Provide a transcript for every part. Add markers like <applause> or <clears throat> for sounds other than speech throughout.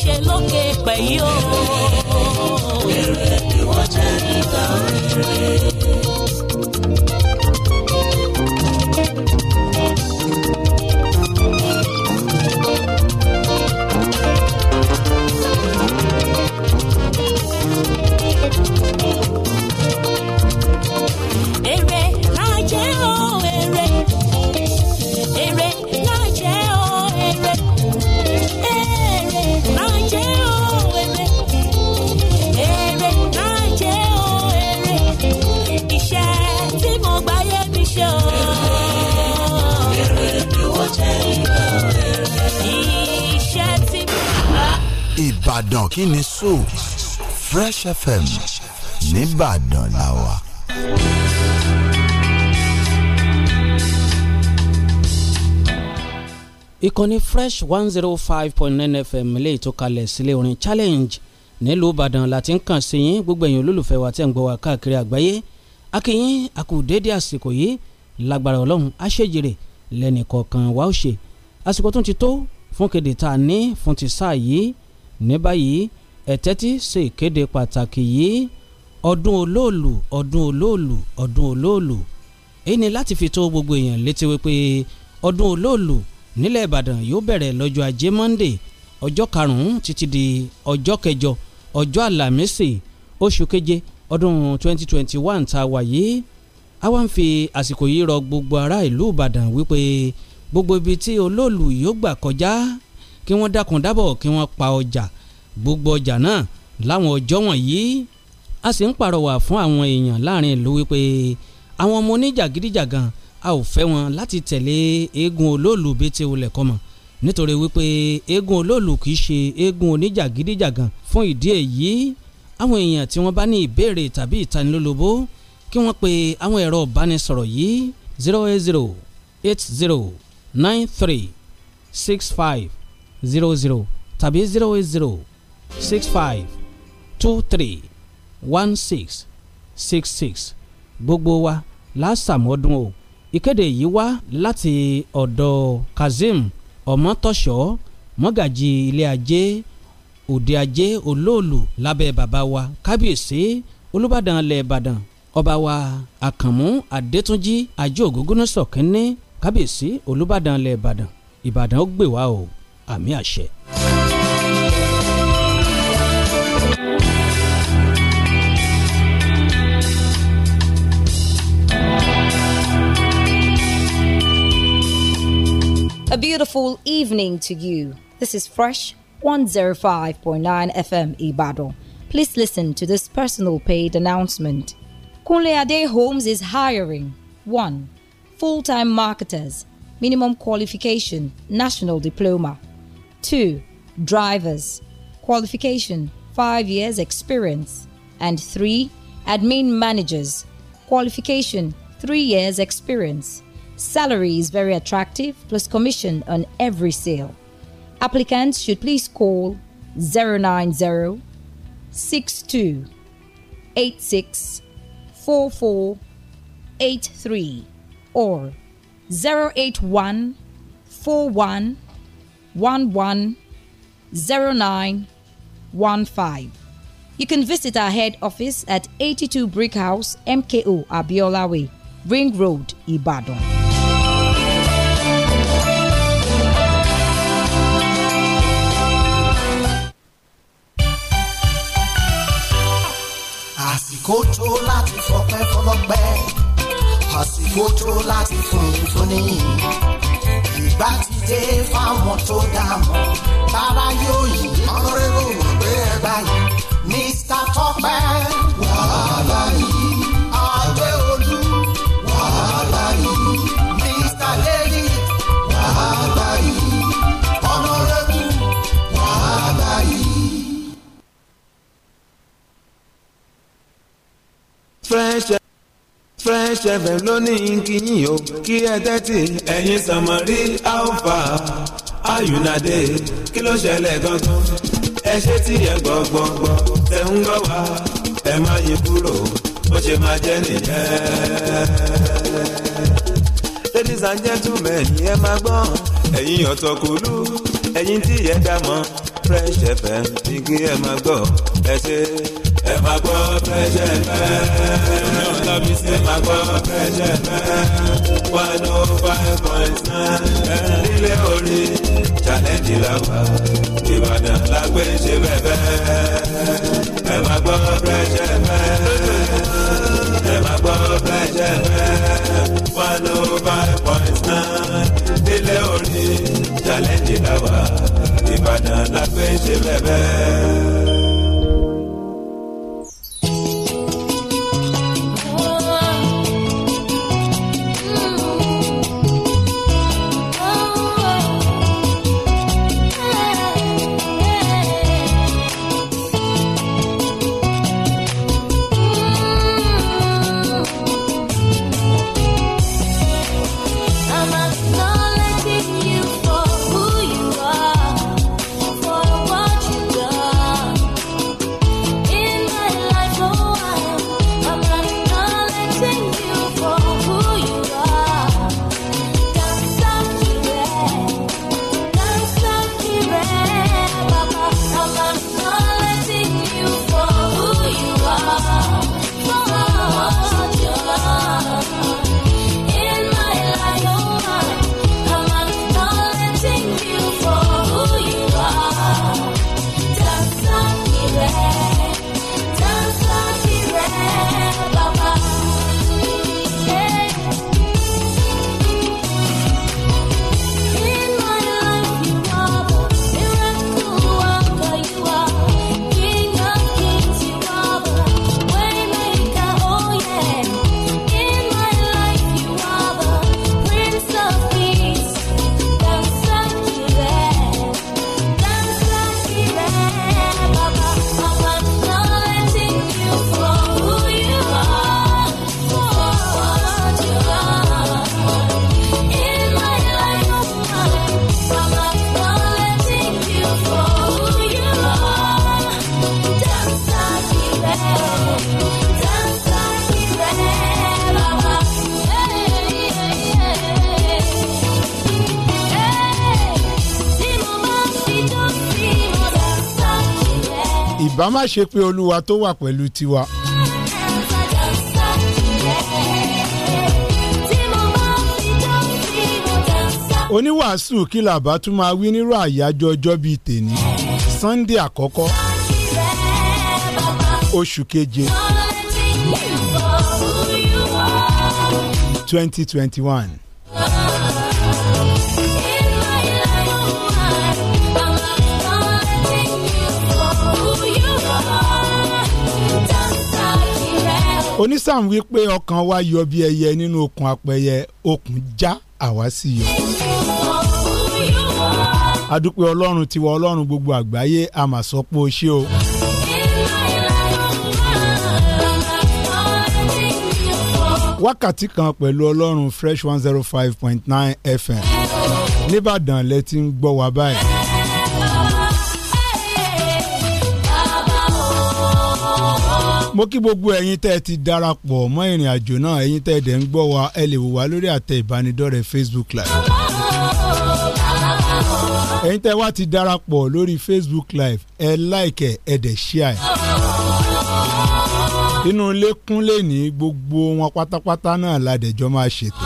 ṣe lókè pẹ̀ yìí o. èrè ni wọ́n jẹ́ níta òrèrè. Ìbàdàn kí ni so Fresh FM nìbàdàn la wà. ìkànnì fresh one zero oh five point nine fm lè tó kalẹ̀ sílé orin challenge nílùú Ìbàdàn láti ń kàn sí yín gbogbo ẹ̀yin olólùfẹ́ wa tẹ̀ ń gbọ́ wa káàkiri àgbáyé akínyìn àkùdédé àsìkò yìí lágbára ọlọ́run àṣejèrè lẹ́nìkọ̀ọ̀kan wa ó ṣe àsìkò tó ti tó fún kéde tá a ní fún ti sáà yìí ní báyìí ẹ tẹ́tí ṣe ìkéde pàtàkì yìí ọdún olóòlù ọdún olóòlù ọdún olóòlù èyí ni láti fi tó gbogbo èèyàn létí wípé ọdún olóòlù nílẹ̀ Ìbàdàn yóò bẹ̀rẹ̀ lọ́jọ́ ajé Monday ọjọ́ karùn-ún títí di ọjọ́ kẹjọ ọjọ́ àlàmísì oṣù keje ọdún 2021 tá a wà yìí a wá ń fi àsìkò yìí rọ gbogbo ará ìlú Ìbàdàn wípé gbogbo ibi tí olóòlù yóò gbà kọjá kí wọ́n dákun dábọ̀ kí wọ́n pa ọjà gbogbo ọjà náà láwọn ọjọ́ wọ̀nyí a sì ń pàrọwà fún àwọn èèyàn láàrin ìlú wípé àwọn ọmọ oníjàgídíjàgan a ò fẹ́ wọn láti tẹ̀lé eégún olóòlù bẹ́tẹ̀ olè kọ́mọ nítorí wípé eégún olóòlù kì í ṣe eégún oníjàgídíjàgan fún ìdí èyí àwọn èèyàn tí wọ́n bá ní ìbéèrè tàbí ìtanilólobó kí wọ́n pe àwọn ẹ̀rọ ìbánisọ̀rọ̀ yìí zero eight zero eight zero nine three six five zero zero tàbí zero eight zero six five two three one six six six gbogbo wa lásàmọ́dún o ìkéde yìí wá láti ọ̀dọ̀ Kazeem ọmọtọ́ṣọ́ mọ́gàjì ilé ajé òde ajé olóòlù lábẹ́ bàbá wa kábíyèsí olùbàdàn ilẹ̀ ìbàdàn ọba wa àkànmú adétúnjì ajé ògúngúnná sọ̀kínní kábíyèsí olùbàdàn ilẹ̀ ìbàdàn ìbàdàn ó gbè wá o. àmì àṣẹ. A beautiful evening to you. This is Fresh 105.9 FM Ibado. Please listen to this personal paid announcement. Kunle Ade Homes is hiring 1. Full time marketers, minimum qualification, national diploma. 2. Drivers. Qualification 5 years experience. And 3. Admin managers. Qualification 3 years experience. Salary is very attractive plus commission on every sale. Applicants should please call 090 62 86 44 83 or 081 41 110915. You can visit our head office at 82 Brick House, MKO, Abiola Way, Ring Road, Ibadan. àsìkò tó láti fọpẹ́ fọlọ́pẹ́ àsìkò tó láti fún un fún níyì ìgbà ti dé fáwọn tó dá mọ̀ tára yóò yí ọ̀rẹ́ òwò pé ẹ báyìí Mr. Tọ́pẹ́. Fresh FM lónìí kìyìn o kí ẹ tẹ́tì. ẹ̀yin sànmọ́rí alfa ayùnádé kí ló ṣẹlẹ̀ gangan ẹ ṣe tí ẹ gbọ̀ngbọ̀ngbọ̀ ẹ ń gbọ́ wá ẹ má yí kúrò bó ṣe máa jẹ́ nìyẹn. ladies and gentlemen ẹ máa gbọ́n ẹ̀yin ọ̀tọ̀kùlú ẹ̀yin tí ẹ dá mọ́ Fresh FM ní kí ẹ máa gbọ́ ẹ ṣe ẹ máa gbọ́ Fresh FM. ní ọ̀la sí ẹ máa gbọ́ Fresh oh FM. one oh five point nine. nílé orí challenge la wà Ìbàdàn la gbé ṣe bẹ́ẹ̀ ẹ máa gbọ́ Fresh FM. ẹ máa gbọ́ Fresh FM. one oh five point nine. nílé orí challenge la wà Ìbàdàn la gbé ṣe bẹ́ẹ̀. ìbá má ṣe pé olúwa tó wà pẹ̀lú tiwa. oníwàásù kí làbá tún máa wí nírú àyájọ́ ọjọ́ bíi tèní Sunday àkọ́kọ́ oṣù keje twenty twenty one. onísàm wípé ọkàn wa yọ bí ẹyẹ nínú okùn apẹyẹ okùn já àwa sì yọ. adúpẹ́ ọlọ́run tiwa ọlọ́run gbogbo àgbáyé a mà sọ pé o ṣé o. wákàtí kan pẹ̀lú ọlọ́run fresh one zero five point nine fm nìbàdàn lẹ ti ń gbọ́ wa báyìí. mo kí gbogbo ẹ̀yin tẹ́ ẹ ti darapọ̀ mọ́ ìrìn àjò náà ẹ̀yin tẹ́ ẹ dẹ̀ ń gbọ́ wa ẹ lè wò wá lórí àtẹ ìbánidọ́rẹ̀ Facebook live. ẹ̀yin tẹ́ wá ti darapọ̀ lórí Facebook live ẹ láìkẹ̀ ẹ dẹ̀ ṣíà ẹ̀. inú ilé kúnlé ní gbogbo wọn pátápátá náà la dẹ̀jọ́ máa ṣètò.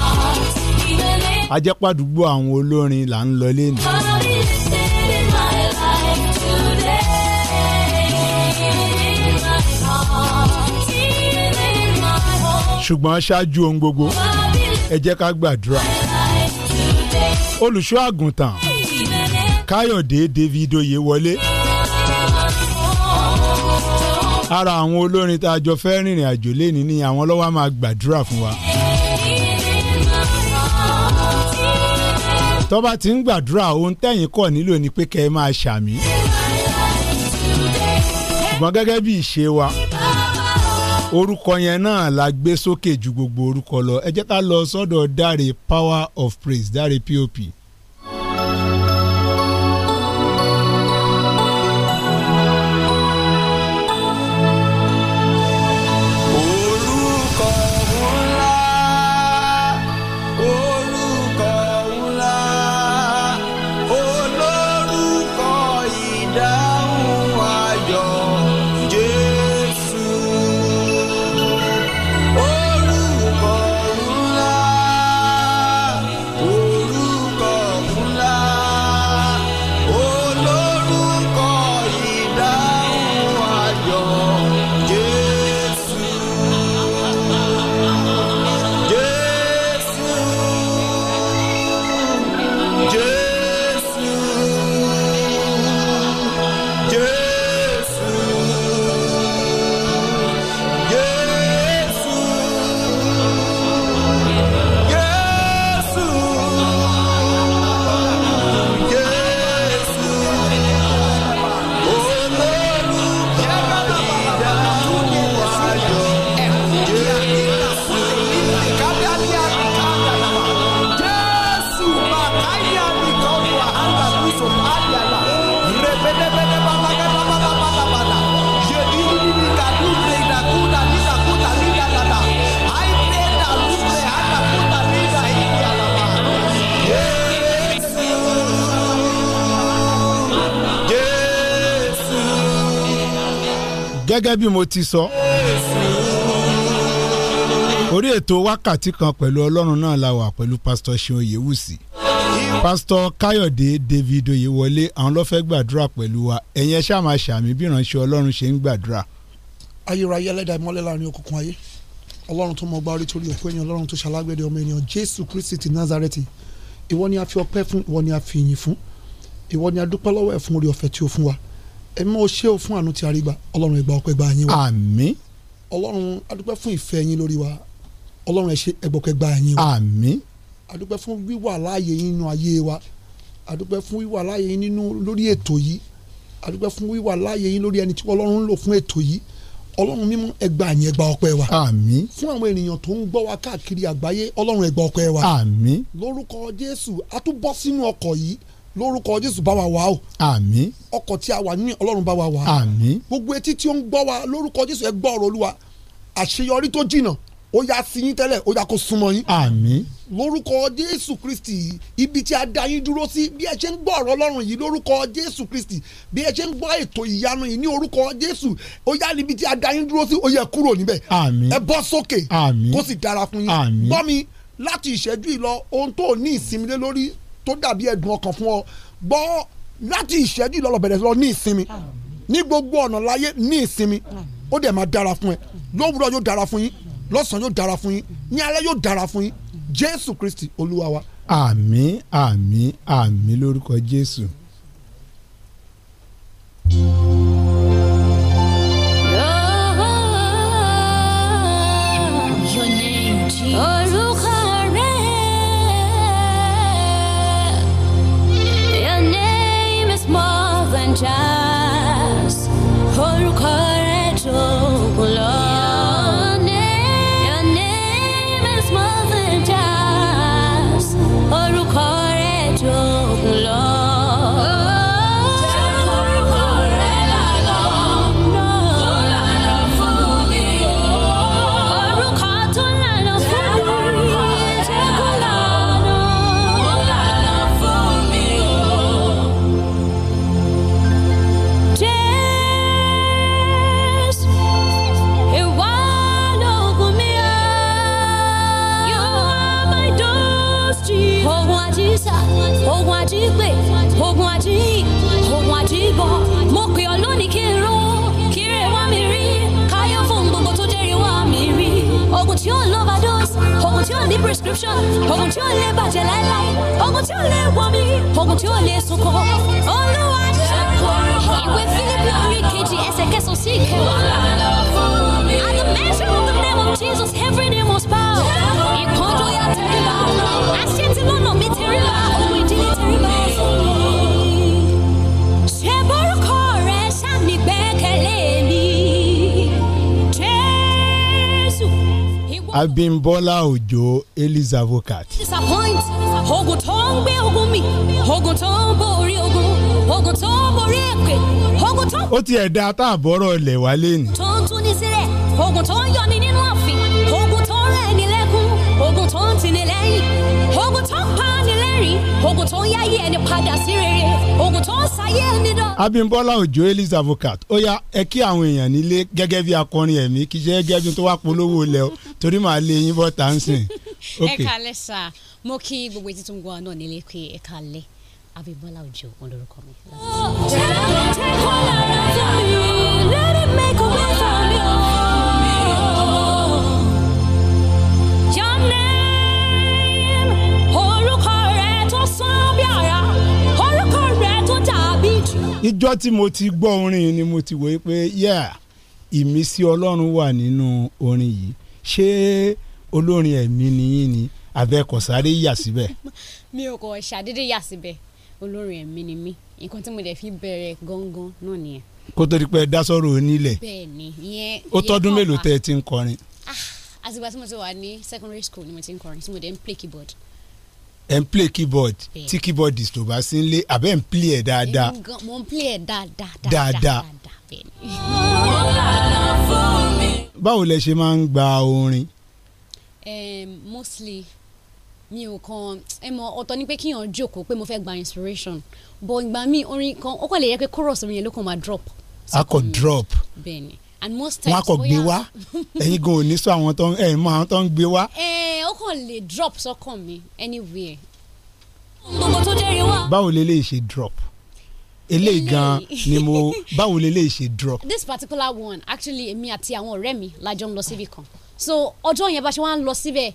ajẹ́pàdúgbò àwọn olórin là ń lọ lé ṣùgbọ́n ṣáájú ohun gbogbo ẹ jẹ́ ká gbàdúrà olùṣọ́ àgùntàn káyọ̀dé david oyèwọlé ara àwọn olórin tá a jọ fẹ́ rìnrìn àjò lẹ́ni ni àwọn lọ́wọ́ máa gbàdúrà fún wa. tó ti ń gbàdúrà ohun tẹ̀yìn kọ̀ nílò ni pé kẹ́ ẹ máa ṣàmì. ṣùgbọ́n gẹ́gẹ́ bí ìṣe wa orúkọ yẹn náà la gbé sókè ju gbogbo orúkọ lọ ẹ jẹ́ ká lọ sọ́dọ̀ Dáre Power of Praise Dáre POP. gẹ́gẹ́ bí mo ti sọ orí ètò wákàtí kan pẹ̀lú ọlọ́run náà la wà pẹ̀lú pásítọ̀ ṣeun oyèwùsì pásítọ̀ káyọ̀dé david oyèwọlé àwọn ló gbàdúrà pẹ̀lú wa ẹ̀yin ẹ ṣáà máa ṣàmì bí ìránṣẹ́ ọlọ́run ṣe ń gbàdúrà. ayérayé ẹlẹ́dàá ìmọ́lẹ̀ láàrin òkùnkùn ayé ọlọ́run tó mọ ọgbà orí torí òkú ènìyàn ọlọ́run tó ṣalágbẹ̀dẹ ọmọ ènìyàn jésù kristi ti nazareti ìwọ ni a fi ọpẹ́ fún ìwọ ni a fi ìyìn fún ìwọ ni a dúpẹ́ lọ́wọ́ ẹ̀ fún orí ọ̀fẹ́ tí o fún wa ẹ mọ ṣé o fún àánú tí a rí gbà ọlọ́run ẹ gba ọpẹ́ gba yín wa àmín ọlọ́run adúpẹ́ fún ìfẹ́ yín lórí wa ọlọ́run ẹ ṣe ẹgbọ̀kẹ́ gba yín wa àmín adúpẹ́ fún wíwà láàyè yín nínú ayé wa adúpẹ́ fún wíwà láàyè yín nínú lórí ètò yìí adúpẹ́ fún wíwà láàyè yín lórí ẹni tí ọlọ́run ń lò fún ètò yìí ọlọ́run mímọ́ ẹgbà yín ẹgbà ọpẹ́ wa. àmín. fún àwọn ènìyàn tó ń gbọ́ wa káàkiri àgbáyé ọlọ́run ẹgbà ọpẹ́ wa. àmín. lórúkọ jésù a tún bọ́ sínú ọkọ̀ yìí lórúkọ jésù bá wa wà o. àmín. ọkọ̀ tí a wà ní ọlọ́run bá wa wà. àmín. gbogbo etí tí ó ń gbọ́ wa lórúkọ jésù ẹ gbọ́ ọ̀rọ̀ olúwa àṣeyọrí tó jìnnà ó yá sí yín tẹ́lẹ̀ ó yá kó súnmọ́ yín. àmín. lórúkọ jésù kristi ibi tí a dá yín dúró sí bí ẹ ṣe ń gbọ́ ọ̀rọ̀ ọlọ́run yìí lórúkọ jésù kristi bí ẹ ṣe ń gbọ́ ètò ìyanu yìí ní orúkọ jésù ó yá níbi tí a dá yín dúró sí ó yẹ kúrò níbẹ̀. àmín. ẹ bọ́ sókè. àmín. kó sì dára fún yín. àmín. gbọ́ mi láti ìṣẹ́jú ìlọ ohun tó ní ìsinmi lé lórí tó dàbí ẹ̀dùn ọkàn fún ọ gbọ́ láti ìṣẹ́jú ìlọ́lọ́ bẹ̀rẹ̀ lọ ní ìsinmi ní gbogbo ọ̀nà láyé ní ìsinmi ó dẹ̀ máa dára fún ẹ lówùrọ̀ yóò dára fún yín lọ́sàn-án yóò dára fún yín ní alẹ́ yóò dára fún yín jésù kristi olúwa wa. àmín àmín àmín lórúkọ jésù. Bọ́lá Òjó Eli's Avocat. disappoint oògùn tó ń gbé ogun mi oògùn tó ń borí ogun oògùn tó ń borí èpè oògùn tó. ó tiẹ̀ da tá àbọ̀rọ̀ ilẹ̀ wálé ni. tó ń tún ní sílẹ̀ oògùn tó ń yọ ní bóyá yẹ ẹni padà sí rere oògùn tó ń sáyé ẹni náà. Abímbọ́lá Òjó Elise Avocat ó yá ẹ kí àwọn èèyàn nílé gẹ́gẹ́ bí akọrin ẹ̀mí kì í ṣe gẹ́gẹ́ bí tó wá polówó lẹ o torí màá lé yín bọ́ tá ń sìn. ẹ kálẹ́ sà mo kí gbogbo etí tó ń gbọ́ náà nílé pé ẹ kálẹ́ Abímbọ́lá Òjó olórúkọ mi. jẹ́ kó lára tó yẹ. ìjọ́ tí mo ti gbọ́ orin ni mo ti wòye pé yà ìmísí ọlọ́run wà nínú orin yìí ṣé olórin ẹ̀mí nìyí ni abẹ́kọ̀ sáré yà síbẹ̀. <laughs> mi ò kọ̀ ṣàdédé yà síbẹ̀ olórin ẹ̀mí ni mí nǹkan tí mo dẹ̀ fi bẹ̀rẹ̀ gangan náà nìyẹn. kó tó di pé dá sọ́rọ̀ onílẹ̀ ó tọ́dún mélòó tẹ́ ẹ ti ń kọrin. Ah, àtìgbà tí mo ti wà ní secondary school ni mo ti ń kọrin tí mo dẹ̀ ń play keyboard ẹ̀ play keyboard tí keyboardist ò bá sí ń lé àbẹ́ ń play ẹ̀ dáadáa. mo ń play ẹ̀ dáadáa. dáadáa báwo lẹ ṣe máa ń gba orin. mostly mi ò kàn ẹ mọ ọ̀tọ̀ ni pé kíyàn jókòó pé mo fẹ́ gba inspiration but ìgbà mi orin kan ó kàn lè yẹ pé chorus orin yẹn ló kàn máa drop. a kò drop. bẹ́ẹ̀ni wọn a kò gbé wá ẹ̀yin gan ò ní sọ àwọn tó ẹ mọ àwọn tó ń gbé wá. ẹ ó kàn lè drop sọ́kàn mi anywhere. gbogbo tó jẹ́rìí wá. báwo lè lè ṣe drop eléyìí gan ni mo <laughs> báwo lè lè ṣe drop. this particular one actually èmi àti àwọn ọ̀rẹ́ mi la jọ ń lọ síbi kan so ọjọ́ yẹn bá ṣe wá ń lọ síbẹ̀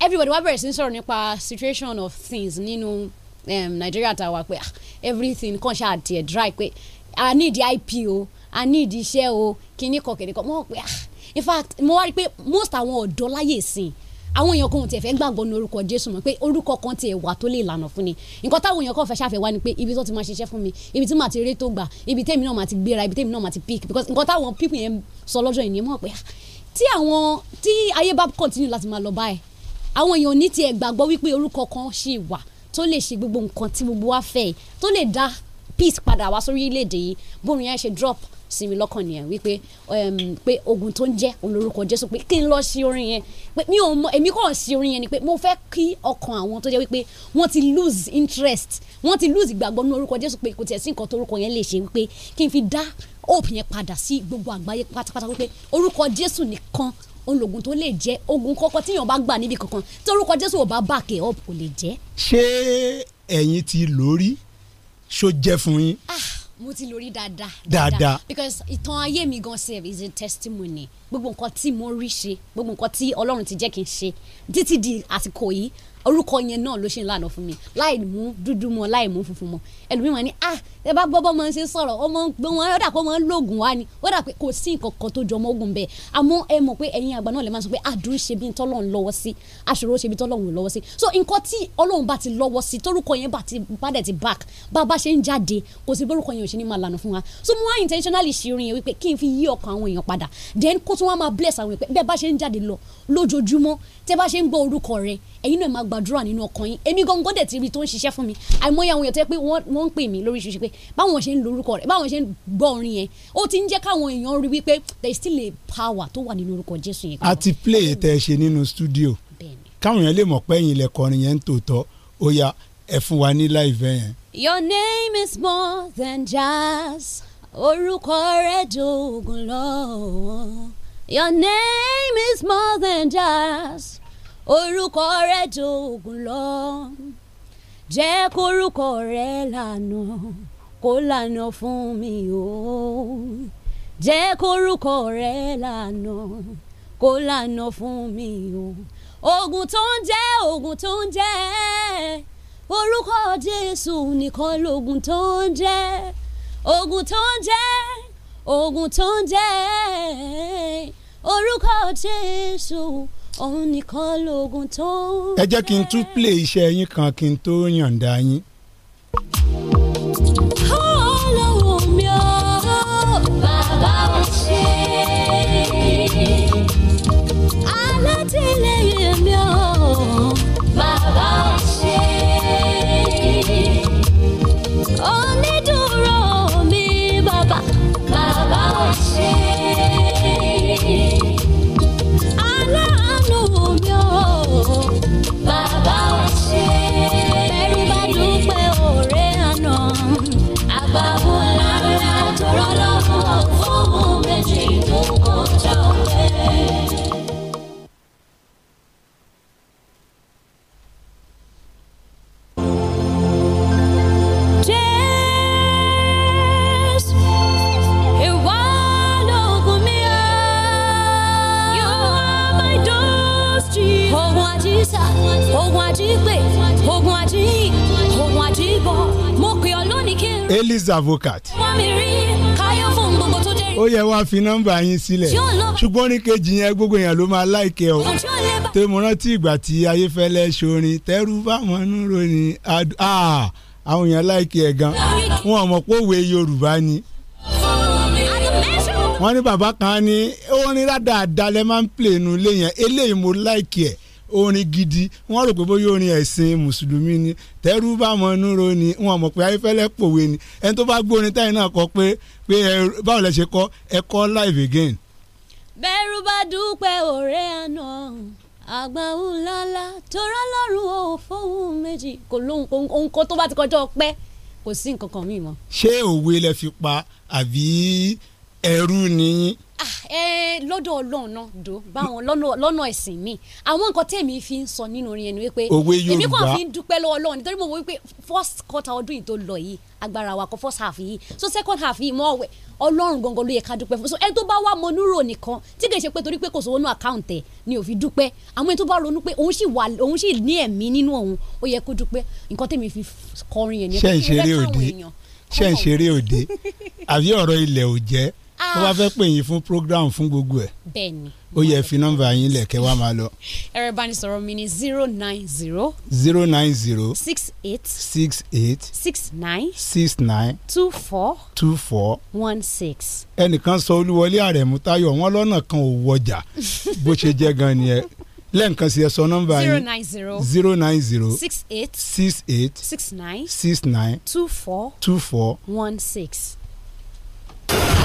everybody wá bẹ̀rẹ̀ sí ń sọ̀rọ̀ nípa situation of things nínú um, Nigeria tàwa pé ah, everything kan ṣáà tiẹ̀ dry pé I need the IPO a ní ìdí iṣẹ́ o kíní kan kìnìún kan mọ̀ pé ah in fact mo wá rí i pé most àwọn ọ̀dọ́ láyè sìn àwọn èèyàn kan ò tiẹ̀ fẹ́ gbàgbọ́ ní orúkọ Jésù mọ̀ pé orúkọ kan tiẹ̀ wà tó lè lànà fún ni nǹkan táwọn èèyàn kan fẹ́ ṣàfẹ́ wá ni pé ibi tó ti máa ṣiṣẹ́ fún mi ibi tí màá ti rí tó gbà ibi tẹ́mi náà màá ti gbéra ibi tẹ́mi náà màá ti pick because nǹkan táwọn people yẹn sọ lọ́jọ́ yìí ni mọ̀ pé ah, tí àwọn tí ayé bá continue láti máa lọ báyìí àwọn èèyàn ní tiẹ̀ gbàgbọ́ wípé orúkọ kan ṣì wà tó lè ṣe gbogbo nǹkan tí gbogbo wa fẹ́ tó lè dá peace padà wá sórí ilẹ̀-èdè yìí bóun yẹn ṣe drop sí mi lọ́kàn nìyẹn wípé um, pé ogun tó ń jẹ́ olórúkọ jésù pé kí n lọ sí orin yẹn pé mi ò mọ èmi kàn sí orin yẹn ni pé mo fẹ́ kí ọkàn àwọn tó jẹ́ wípé wọ́n ti lose interest wọ́n ti lose ìgbàgbọ́ nínú orúkọ jésù pé kò tiẹ̀ sí nǹkan tó orúkọ yẹn lè ṣe wípé kí n fi dá hope yẹn padà sí gbogbo àgbáyé pátápátá wípé orúkọ jésù nìkan ológun tó lè jẹ́ ogun kọ́kọ́ tíyàn bá gbà níbi kankan tí orúkọ jésù ò bá back up kò lè jẹ́. ṣé ẹ̀yin ti lórí ṣó jẹ́ fún yín. Ah, mo ti lórí dáadáa. dáadáa because ìtàn ayé mi gan sef is a testimony gbogbo nǹkan tí mo rí ṣe gbogbo nǹkan tí ọlọ́run ti jẹ́ kí n ṣe títí di àsìkò yìí orúkọ yẹn náà ló ṣe ń lànà fún mi láì mú dúdú mọ́ láì mú funfun mọ́ ẹlòmíràn ni ah ẹ bá gbọ́ bọ́mọ ṣe sọ̀rọ̀ ọmọ gbọ́n ó dà pé wọ́n lóògùn wá ni ó dà pé kò sí nǹkan kan tó jọ ọmọ ogun bẹ́ẹ̀ àmọ́ ẹ mọ̀ pé ẹ̀yin àgbà náà lè máa sọ pé àdúró ah, ṣe bí tọ́lọ́run lọ́wọ́ sí àṣòro ṣe bí tọ́lọ́run lọ́wọ́ sí so nǹkan tí ọlọ́run bá ti lọ́wọ́ sí torúkọ yẹn bá dẹ̀ ti back bá a bá ṣe ń jáde kò sí borúkọ yẹn ò ṣe ní máa lànà fún wa so mo wá intentionally ṣe orin yẹn wípé kí n fi yí ọkàn àwọn èèyàn padà then kó tún wá máa bless àwọn èèyàn pé bẹ́ẹ̀ bá ṣe ń jáde lọ lójoojúmọ́ tẹ́ bá ṣe ń gbọ́ orúkọ rẹ̀ ẹ̀yin náà máa gbàdúrà nínú ọkàn yín èmi gangan dẹ̀ ti rí tó ń ṣiṣẹ́ fún mi àìmọye àwọn èèyàn tó yẹ pé wọ́n ń pè mí lóríṣiríṣi pé báwọn ṣe ń lo orúkọ báwọn ṣe ń gbọ́ orin yẹn ó ti ń jẹ́ káwọn èèyàn rí wípé there is still a power tó wà nínú orúkọ Jésù yẹn. a ti play tẹ ẹ ṣe nínú studio káwọn èèyàn lè mọ̀ pé ẹ̀yin lẹ́kọrin yẹn ń tòótọ́ ó yá ẹ fún wa ní láìfẹ́ yẹn. Your name is more than jazz orúkọ rẹ̀ dògùn lọ Your name is more than jazz orúkọ rẹ dògùn lọ jẹ́ kórúkọ rẹ lànà kó lànà fún mi o jẹ́ kórúkọ rẹ lànà kó lànà fún mi o ogun tó ń jẹ́ ogun tó ń jẹ́ orúkọ Jésù nìkan lógun tó ń jẹ́ ogun tó ń jẹ́ ogun tó ń jẹ́ orúkọ Jésù òun nìkan lóògùn tó. ẹ jẹ́ kí n tún play iṣẹ́ yín kan kí n tó yàǹda yín. Ellis avocat. ó yẹ wá fi nọ́mbà yín sílẹ̀ ṣùgbọ́n ní kejì yẹn gbogbo èèyàn ló máa láìkẹ́ o tó mo rántí ìgbà tí ayéfẹ́lẹ́ ṣorin tẹ́rù báwọn ń ròyìn ah, àwọn èèyàn láìkẹ́ ẹ̀ gan wọn ò mọ̀ pé òwe Yorùbá ni wọ́n ní bàbá kan ní orin rádàá dalẹ̀ máa ń pè nù léyìn eléyìí mo láìkẹ́ ẹ̀ orin gidi wọ́n rò pé bóyá orin ẹ̀sìn mùsùlùmí ni tẹ́rù bá mọ núro ni wọ́n mọ̀ pé ayífẹ́lẹ́ pòwe ni ẹni tó bá gbórin táyì náà kọ pé pé báwo lẹ ṣe kọ ẹ kọ live again. bẹ́rù bá dúpẹ́ ọ̀rẹ́ àná àgbà ńláńlá torá lọ́rùn ò fóun méjì kò lóhun ohun kan tó bá ti kọjá ọpẹ́ kò sí nǹkan kan míì mọ́. ṣé òwe lẹ fi pa àbí ẹrú nìyí Ah, lọ́dọ̀ ọlọ́run náà dò báwọn lọ́nà ẹ̀sìn mi àwọn nǹkan tèmi fi ń sọ nínú orin ẹni wípé èmi kàn fi ń dúpẹ́ lọ́wọ́ ọlọ́run nítorí mo wọ wípé first quarter ọdún yìí tó lọ yìí agbára wa kọ first half yìí so second half yìí mọ ọwẹ ọlọ́run gangan ló yẹ ká dúpẹ́ fún so ẹni tó bá wà mọnúrò nìkan tí kì ṣe pé torí pé kò sówó nù àkáǹtẹ̀ ni ò fi dúpẹ́ àwọn ẹni tó bá ronú pé òun sì wà òun sì ní ẹ̀mí nínú òun ó yẹ kó dúpẹ́ nǹkan tèmi fi kọrin yẹn ni ṣé ń ṣeré ṣé ń ṣeré òde àbí ọ̀rọ̀ ilẹ̀ ò jẹ́ tó bá fẹ́ pè yín fún program fún gbogbo ẹ̀ bẹ́ẹ̀ni ó yẹ fi nọ́mbà yín lẹ̀ kẹ́ wá máa lọ. ẹ̀rọ ìbánisọ̀rọ̀ mi ni zero nine zero. zero nine zero. six eight. six eight. six nine. six nine. two four. two four. one six. ẹnìkan sọ olúwọlé àrẹ̀mú táyọ̀ wọn lọ́nà kan ò wọjà bó ṣe jẹ́ gan ni ẹ lẹ́ǹkan sí ẹ sọ nọ́mbà yín zero nine zero zero nine zero six eight six eight six nine six nine two four two four one six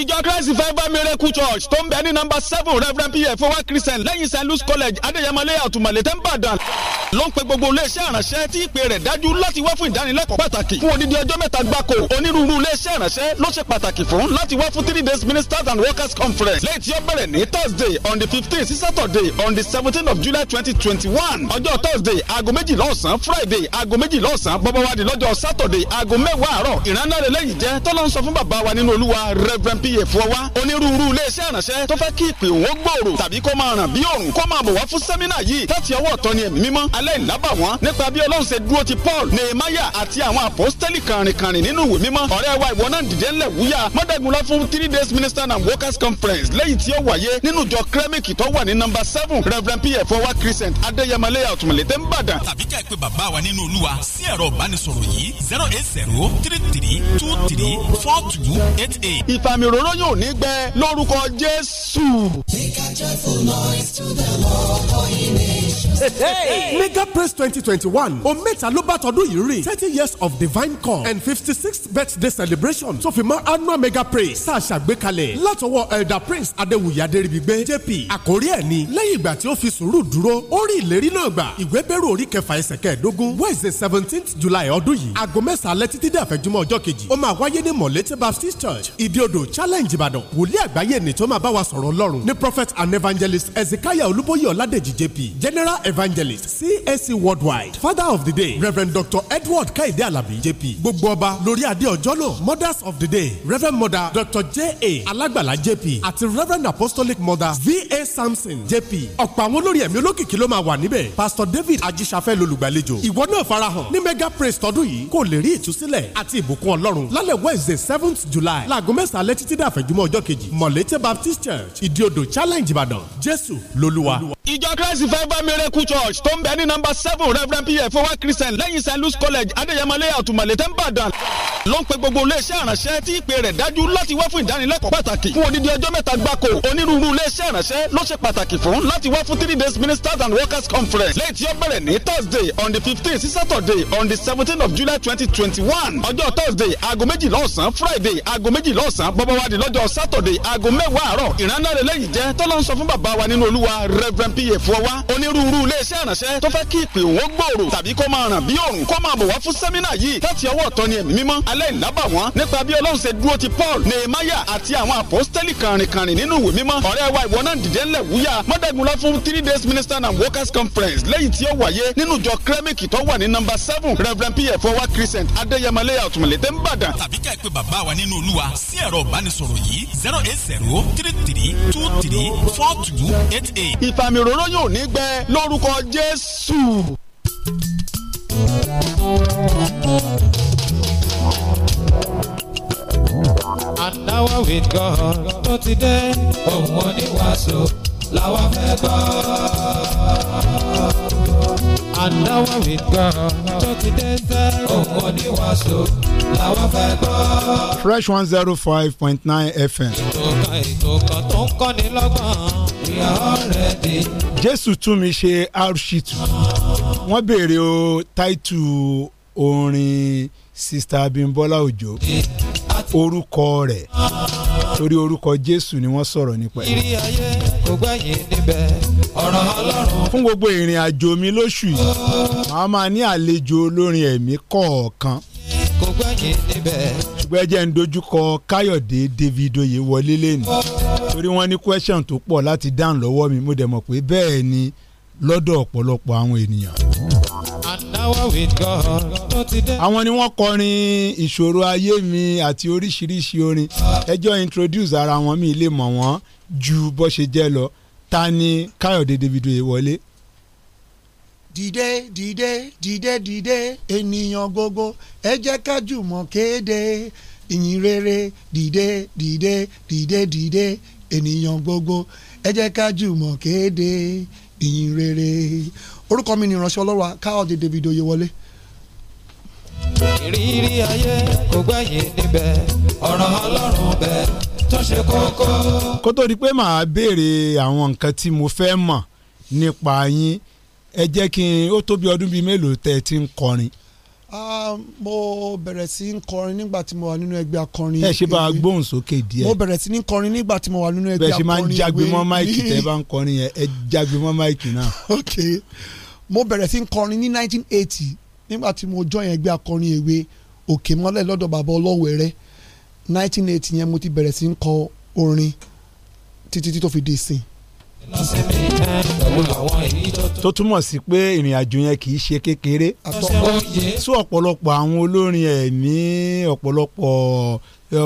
ìjọ christ fẹ́fẹ́ miracle church tó ń bẹ ní nọ́mbà seven reverend pf wa christian lẹ́yìn st louis college adéyẹmọlẹ́ àtùmọ̀lẹ́ tẹ́ ń bàdàn ló ń pe gbogbo iléeṣẹ́ ìrànṣẹ́ tí ìpè rẹ̀ dájú láti wá fún ìdánilẹ́kọ̀ọ́ pàtàkì fún odidi ọjọ́ mẹ́ta gbáko onírúurú iléeṣẹ́ ìrànṣẹ́ ló ṣe pàtàkì fún láti wá fún three days ministers and workers conference lẹ́yìn tí ó bẹ̀rẹ̀ ní thursday on the fifteen sí saturday on the seventeen of july twenty twenty one ọjọ́ thursday aago méjì lọ́sàn-án friday aago méjì lọ́sàn-án bọ́bá wa di lọ́jọ́ saturday aago mẹ́wàá àárọ̀ ìrànlọ́rẹ̀ lẹ́yìn jẹ́ tọ́lọ́ ń sọ fún bàbá wa nínú olúwa reverend NPF wa onírúurú iléeṣẹ́ ìrànṣẹ́ tó fẹ́ kí ìpè òun gbòòrò tàbí kó máa ràn bí òrùn kó máa bọ̀ wá fún sẹ́mínà yìí láti ọwọ́ ọ̀tọ́ ni ẹ̀mí mímọ́ aláìlábà wọn nípa bí ọlọ́run ṣe dúró ti Paul Nehemiah àti àwọn àpọ́stẹ́lì kàrìnkàrìn nínú ìwé mímọ́ ọ̀rẹ́ wa ìwọ náà dìde ńlẹ̀ wúyà mọ́dẹ́gun lọ fún three days minister and workers conference lẹ́yìn tí ó wáyé nínú ìjọ kremik tó wà ní nọ́mbà seven reverend pf ọwá crescent adéyẹmọlẹ́yà ọ̀túnmọ̀lẹ́tẹ̀ ń bàdàn. tàbí ká ẹ pé bàbá wa nínú olúwa sí ẹ̀rọ ìbánisọ̀rọ̀ yìí zero eight zero three three two three four two eight eight. ìfàmì òróró yóò ní gbẹ lórúkọ Jésù. Make a joyful noise to the Lord, O ye nations. Mega Praise twenty twenty one o mẹ́ta ló bá tọdún yìí rí thirty years of divine call and fifty sixth birthday celebration tó fi mọ́ annual Mega Praise tá a ṣàgbékalẹ̀ látọwọ́ Elder Prince Adéwùyí Adéríbigbé JP àkórí ẹ̀ ní lẹ́yìn ìgbà tí ó fi sùúrù dúró ó rí ìlérí náà gbà ìwé bẹ̀rù orí kẹfà ẹsẹ̀ kẹẹ̀dógún Wednesday seventeenth July ọdún yìí aago mẹ́sàn-án alẹ́ títí dé àfẹ́júmọ́ ọjọ́ kejì ó máa wáyé ní Mọ̀lẹ́tẹ̀ Baptist Church Ìdíodò ch challenge ìbàdàn wòlíì àgbáyé ni tó máa bá wa sọ̀rọ̀ ọlọ́run ní prophet and evangelist ezekiah olúbóyè ọ̀ládèjì jp general evangelist csc worldwide father of the day reverend dr edward kaide alabi jp gbogbo ọba lórí adé ọjọ́ náà mothers of the day reverend mother dr ja alágbàlá jp àti reverend apostolic mother va samson jp ọ̀pọ̀ àwọn olórí ẹ̀mí olókìkí ló máa wà níbẹ̀ pastor david ajíṣafẹ́ lolùgbàlejò ìwọ náà farahàn ní mega praise tọdún yìí kó lè rí ìtúsílẹ̀ àti ìbùkún ọlọ́run lálẹ́ wednesday seventh july láago mẹ́sàn-án lẹ́tí títí dàfẹ́júmọ́ ọjọ́ kejì mọ̀lété baptist church ìdíodò challenge ìbàdàn jésù lolúwa ìjọ christ revival miracle church tó ń bẹ ní number seven reverend pf wa christian lẹ́yìn st louis college adéyẹmọlẹ́ àtùmọ̀lẹ́ tẹ́ḿbàdàn ló ń pe gbogbo iléeṣẹ́ ìrànṣẹ́ tí ìpè rẹ̀ dájú láti wá fún ìdánilẹ́kọ̀ọ́ pàtàkì fún odidi ọjọ́ mẹ́ta gbáko onírúurú iléeṣẹ́ ìrànṣẹ́ ló ṣe pàtàkì fún láti wá fún three days ministers and workers conference lẹ́yìn tí ó bẹ̀rẹ̀ ní thursday on the fifteen sí saturday on the seventeen of july twenty twenty one ọjọ́ thursday aago méjìlá ọ̀sán friday aago méjìlá ọ̀sán bọ́bá wa di lọ́jọ́ saturday aago mẹ́wàá àárọ̀ ìránná npf wa onírúurú iléeṣẹ́ ìrànṣẹ́ tó fẹ́ kí ìpè òun gbòòrò tàbí kó máa ràn bí òrùn kó máa bọ̀ wá fún sẹ́mínà yìí láti ọwọ́ ọ̀tọ́ni ẹ̀mí mímọ́ aláìlábàwọ́n nípa bí ọlọ́run ṣe dúró ti paul nehemiah àti àwọn àpọ́stẹ́lì kàrìnkàrìn nínú ìwé mímọ́ ọ̀rẹ́ wa ìwọ náà dìde ńlẹ̀ wúyà mọ́dẹ́gun lọ fún three days minister and workers conference lẹ́yìn tí ó wáyé nínú ìjọ ìfàmì òróró yóò ní gbẹ lórúkọ Jésù. An with God tó ti dé òun oníwàásù làwọn fẹ́ gbọ́ and now we go. Òun ni wàásù làwọn fẹ́ gbọ́. Fresh one zero five point nine FM. Ètò kan tó ń kọ́ni lọ́gbọ̀n. Ìyàwó rẹ̀ dé. Jésù tún mi ṣe Arṣitu. Wọ́n béèrè o táìtù orin sista Abímbọ́lá Òjó orúkọ rẹ̀ torí orúkọ Jésù ni wọ́n sọ̀rọ̀ nípa ẹ̀ kò gbẹ̀yìn níbẹ̀ ọ̀rọ̀ ọlọ́run. fún gbogbo ìrìn àjò mi lóṣù yìí màá máa ní àlejò olórin ẹ̀mí kọ̀ọ̀kan kò gbẹ̀yìn níbẹ̀. ṣùgbọ́n ẹ jẹ́ ń dojúkọ káyọ̀dé david oyèwọlé lẹ́nu torí wọ́n ní question tó pọ̀ láti dáhùn lọ́wọ́ mi mo dẹ̀ mọ̀ pé bẹ́ẹ̀ ni lọ́dọ̀ ọ̀pọ̀lọpọ̀ àwọn ènìyàn. àwọn ni wọ́n kọrin ìṣòro ayé mi àti oríṣiríṣi orin ẹjọ́ introduce ara wọn mi ilé mọ̀ wọ́n ju bó ṣe jẹ́ lọ ta ni káyọ̀dé Davido wọlé. dìde dìde dìde dìde ènìyàn gbogbo ẹ jẹ́ ká jùmọ̀ kéde ìyìn rere dìde dìde dìde dìde ènìyàn gbogbo ẹ jẹ́ ká jùmọ̀ kéde ìyìn rere orúkọ mi ni ìránṣẹ́ ọlọ́run káyọ̀dé Davido wọlé ìrírí ayé kò gbẹ̀yìn níbẹ̀ ọ̀rọ̀ ọlọ́run bẹ́ẹ̀ tó ṣe kókó. kó tó di pé màá béèrè àwọn nǹkan tí mo fẹ́ mọ̀ nípa yín ẹ jẹ́ kí n ó tó bí ọdún bíi mélòó tẹ́ ẹ ti ń kọrin. mo bẹ̀rẹ̀ sí ń kọrin nígbà tí mo wà nínú ẹgbẹ́ akọrin. ẹ ṣe bá a gbóhùn sókè díẹ̀. mo bẹ̀rẹ̀ sí ní kọrin nígbà tí mo wà nínú ẹgbẹ́ akọrin. bẹ́ẹ̀ ṣe máa ń jágbe mọ́ máìkì tẹ́ ẹ bá ń kọrin yẹn ẹ jágbe mọ́ máìkì náà. <laughs> ok mo bẹ̀rẹ̀ sí ń kọrin ní 1980 nineteen eighty yẹn mo ti bẹ̀rẹ̀ sí ń kọ orin títí tó fi di ìsìn tó túmọ̀ sí pé ìrìn àjò yẹn kì í ṣe kékeré sí ọ̀pọ̀lọpọ̀ àwọn olórin ẹ̀ ní ọ̀pọ̀lọpọ̀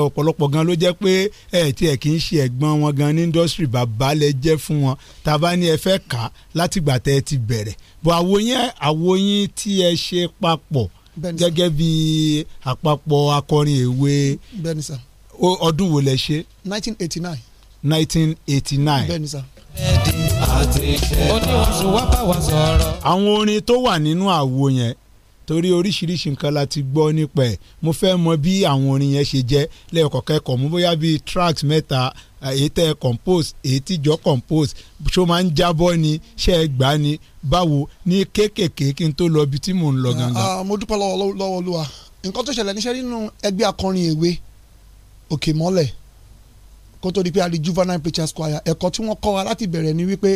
ọ̀pọ̀lọpọ̀ gan ló jẹ́ pé ẹ̀ tí ẹ̀ kì í ṣe ẹ̀gbọ́n wọn gan ní indọ́sírì bàbá lẹ jẹ́ fún wọn tàbá ní ẹ fẹ́ kà á látìgbà tẹ́ ẹ ti bẹ̀rẹ̀ bọ̀ àwo yín tí ẹ ṣe papọ̀ gẹ́gẹ́ bí àpapọ̀ akọrin èwe ọdún wo lẹ ṣe. nineteen eighty nine. nineteen eighty nine. bẹ́ẹ̀ni sà. oníwàásù wá bá wa sọ̀rọ̀. àwọn orin tó wà nínú àwo yẹn torí oríṣiríṣi nǹkan la ti gbọ́ nípa ẹ̀ mo fẹ́ mọ bí àwọn orin yẹn ṣe jẹ́ lẹ́ẹ̀kọ̀kẹ́kọ̀ mú bóyá bíi tracks mẹ́ta èyí tẹ́ ẹ compose èyí tíjọ́ compose ṣó máa ń jábọ́ ni ṣe é gbá ni báwo ní kéékèèké kí n tó lọ ibi tí mò ń lọ gangan. Ah, mo dúpẹ́ lọ́wọ́ lọ́wọ́ olúwa nǹkan tó ṣẹlẹ̀ níṣẹ́ nínú ẹgbẹ́ akọrin èwe òkè mọ́lẹ̀ kó tó di pé a di juvenile preachers choir ẹ̀kọ́ tí wọ́n kọ́ wa láti bẹ̀rẹ̀ ni wípé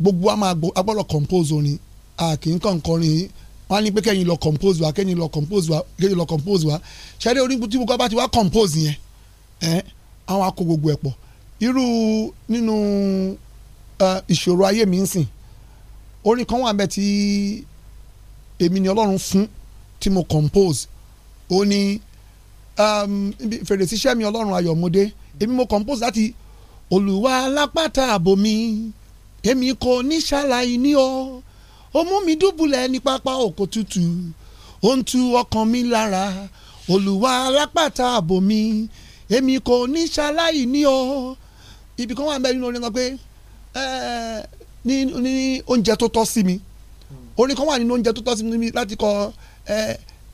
gbogbo a máa gbọ́dọ̀ compose orin a kì í kàn kọrin wọ́n á ní pé kẹ́yìn lọ compose wa kẹ́yìn lọ compose wa kẹ́yìn lọ compose wa ṣẹ́rí orin tí mo kọ́ bá ti wá compose àwọn akó gbogbo ẹ̀ pọ̀ irú nínú ìṣòro ayé mi ń sìn orin kan wà bẹ́ẹ̀ tí èmi ni ọlọ́run fún tí mo compose ó ní um, fèrèsé iṣẹ́ mi ọlọ́run ayọ̀mọdé èmi mo compose láti olùwà alápàtà àbò mi èmi kò ní ṣàlàyé ní ọ ó mú mi dùbúlẹ̀ ní pápá òkò tútù ó ń tu ọkàn mi lára olùwà alápàtà àbò mi èmi kò ní ṣaláì ní o ibì kan wà mẹ́rin ní orin kan pé ní oúnjẹ tó tọ́ sí mi orin kan wà nínú oúnjẹ tó tọ́ sí mi láti kọ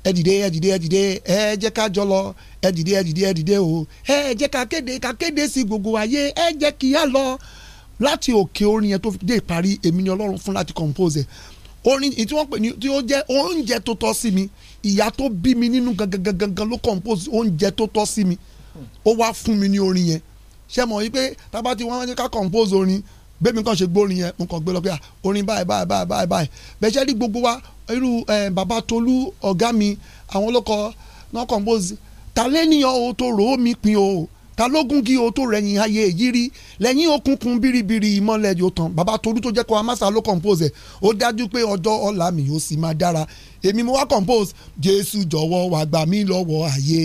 ẹ dìde ẹ dìde ẹ dìde ẹ jẹ́ ká jọ lọ ẹ dìde ẹ dìde ẹ dìde o ẹ jẹ́ ká kéde ká kéde sí gbogbo ayé ẹ jẹ́ kí á lọ láti òkè orin yẹn tó dé ìparí èmi ni ọlọ́run fún láti compose ẹ̀ orin tí wọ́n pè ní tí ó jẹ́ oúnjẹ tó tọ́ sí mi ìyá tó bí mi nínú gangan gangan ló compose oúnjẹ tó tọ́ sí mi ó wá fún mi ní orin yẹn ṣé mọ̀ wípé tábà tí wọ́n ká compose orin bẹ́ẹ̀mi kan ṣe gbórin yẹn nǹkan gbé lọ pé orin báyìí báyìí báyìí báyìí báyìí bẹ́ẹ̀ ṣe rí gbogbo wa irú bàbá Tolú ọ̀gá mi àwọn olóko náà compose ta lẹ́nìyàn o tó rò ó mi pin o ta lógún kí o tó rẹ̀yìn ayé èyí rí lẹ́yìn òkùnkùn bìrìbìrì ìmọ̀lẹ̀ yóò tán bàbá Tolú tó jẹ́ kó amásà ló compose ẹ̀ ó dájú pé ọjọ́ ọ̀la mi yóò sì máa dára èmi mo wá compose Jésù jọ̀wọ́ wá gbà mí lọ́wọ́ ayé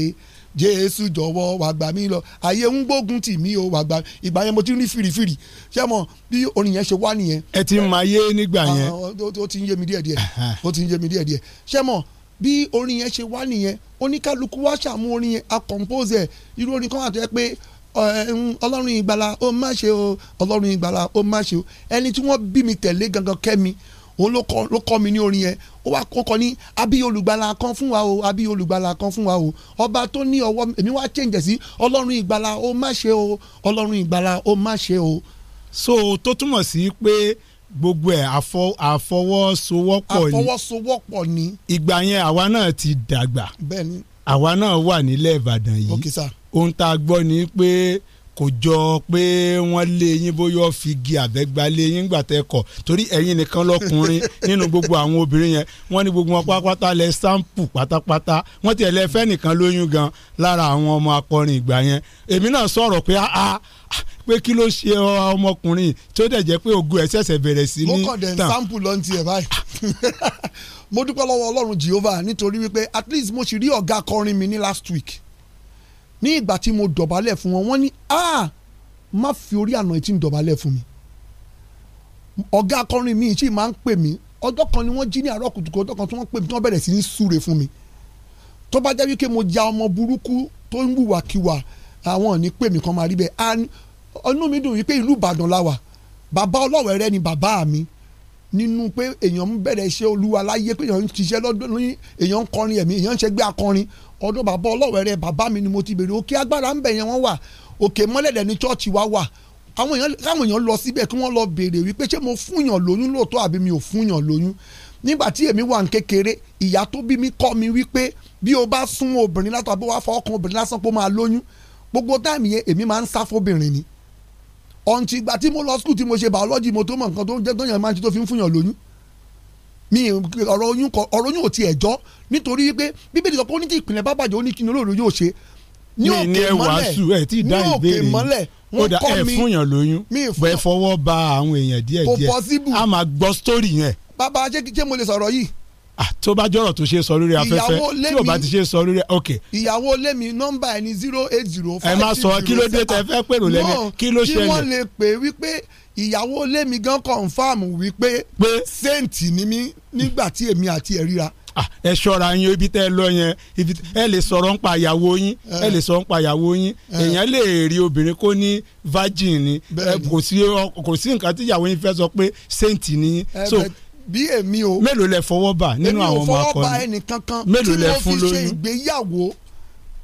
jésù jọ̀wọ́ wà gbà mí lọ ayé ń gbógun tì mí o wà gbà ìgbà yẹn mo ti rí fìrìfìrì ṣé bí orin yẹn ṣe wá nìyẹn. ẹ ti máa yé nígbà ah, yẹn. Ah, ó ti ń yé mi díẹ̀ díẹ̀ ó ti ń yé mi díẹ̀ díẹ̀ ṣé mo bí orin yẹn ṣe wá nìyẹn oníkálukú wá ṣàmú orin yẹn a compose ẹ irú orin kan àti ẹ pé ọlọ́run ìgbàlà ó má ṣe o ọlọ́run ìgbàlà ó má ṣe o ẹni tí wọ́n bí mi tẹ̀lé gangan kẹ́mi òun ló kọ ló kọ mi ní orin yẹn ó wá kó kọ ní àbí olùgbàlà kan fún wa o àbí olùgbàlà kan fún wa o ọba tó ní ọwọ́ èmi wá change sí ọlọ́run ìgbàlà ó má ṣe o ọlọ́run ìgbàlà ó má ṣe o. so tó túmọ̀ sí pé gbogbo ẹ̀ àfọwọ́sowọ́pọ̀ ni àfọwọ́sowọ́pọ̀ ni. ìgbà yẹn àwa náà ti dàgbà àwa náà wà nílẹ̀ Ìbàdàn yìí ohun tá a gbọ́ ni pé. Okay, kò jọ pé wọ́n lé yín bóyá ó fi lé yín gbà tẹ́ kọ̀ torí ẹ̀yin nìkan lọ́kùnrin <laughs> nínú gbogbo àwọn obìnrin yẹn wọ́n ní gbogbo wọn pátápátá lẹ sáǹpù pátápátá wọ́n ti ẹ̀lẹ́fẹ́ nìkan lóyún gan lára àwọn ọmọ akọrin ìgbà yẹn èmi náà sọ̀rọ̀ pé áá ah, ah, ah, pé kí ló ṣe ọmọkùnrin tó dẹ̀ jẹ́ pé ògo ẹ̀ ṣẹ̀ṣẹ̀ bẹ̀rẹ̀ sí ní tàn. mo kọ̀ dẹ̀ sáǹpù lọ́n ti ẹ̀ báyìí <laughs> mo dúpẹ́ lọ́wọ́ ọlọ́run at least mo sì rí ọ̀gá akọrin mi last week ní ìgbà tí mo dọ̀bálẹ̀ fún wọn wọ́n ní a ah, má fi orí àná etí ń dọ̀bálẹ̀ fún mi ọ̀gá akọrin mi ìṣe máa ń pè mí ọjọ́ kan ni wọ́n jí ní àárọ̀ kùtùkù ọjọ́ kan tí wọ́n pè mí tí wọ́n bẹ̀rẹ̀ sí ní súre fún mi tó bá jẹ́ wípé mo ja ọmọ burúkú tó ń wùwàkiwà àwọn ò ní pè mí kan máa rí bẹ́ẹ̀ inú mi dùn wípé ìlú Ìbàdàn la wà bàbá ọlọ́wẹ̀rẹ́ ni bàbá mi nínú pé èèyàn ń bẹ̀rẹ̀ iṣẹ́ olúwa láyé pé èèyàn ń ṣiṣẹ́ lọ́dún ní èèyàn ń kọrin ẹ̀mí èèyàn ń ṣẹgbẹ́ akọrin ọ̀dọ̀ bàbá ọlọ́wẹ̀rẹ̀ bàbá mi ni mo ti bèrè òkè agbára ń bẹ̀ yẹn wọ́n wà òkè mọ́lẹ̀dẹ̀ ní chọ́ọ̀chì wa wà àwọn èèyàn káwọn èèyàn lọ síbẹ̀ kí wọ́n lọ bèrè wípé ṣé mo fúnyàn lóyún lóòótọ́ àbí mi ò fúnyàn lóyún nígbà tí èmi wà ń kékeré ìyá tó bí mi kọ́ mi wípé bí o bá sún obìnrin látọ̀ àbí wàá fọ ọkàn obìnrin lásán pé ó máa lóyún gbogbo táìmì yẹn èmi máa ń sáfóbìnrin ni ọ̀ǹtì ìgbà tí mo lọ skul tí mo ṣe biology mo tó mọ̀ nǹkan tó ń jẹ́ tó yàn máa ń ṣe tó fi ń fún yàn lóyún mi ọ̀rọ̀ oyún kọ ọ̀rọ̀ oyún ò tiẹ̀ jọ́ nítorí pé bíbélì sọ pé ó ní tí ìpìlẹ̀ bá bàjẹ́ ó ní kí ni olóòrò yóò ṣe ní òkè mọ́lẹ̀ ní òkè mọ́lẹ̀ wọ́n kọ́ mi ẹ fún yàn lóyún bẹ́ẹ̀ fọwọ́ ba àwọn èèyàn díẹ̀díẹ̀ a máa gbọ́ sítórì yẹn. bàbá ṣé mo lè sọ̀rọ̀ yìí Ah, tó bá jọ̀rọ̀ tó ṣe sọ lórí afẹ́fẹ́ tí ò bá ti ṣe sọ lórí ok. ìyàwó ilé mi nọ́mbà ẹni zero eight zero five. ẹ má sọ kí ló dé tẹ fẹ́ pèrò lẹ́nu kí ló ṣẹlẹ̀. kí wọ́n lè pè wípé ìyàwó ilé mi gan confam wípé pé ni mí nígbà tí èmi àti ẹ̀ ríra ah, ẹ ṣọ́ra yín ibi tẹ́ ẹ lọ yẹn ẹ lè sọ̀rọ̀ ń pa ìyàwó yín eh. ẹ lè sọ̀rọ̀ ń pa ìyàwó yín eh. èèyàn lè rí obìnrin kó ní virgin ni eh, kò sí nǹkan tí ìyàwó yín fẹ́ sọ pé saint ni yín so bí èmi o. mélòó lẹ fọwọ́ bà nínú àwọn ọmọ akọni èmi ò fọwọ́ bà ẹnìkankan tí mo fi ṣe ìgbéyàwó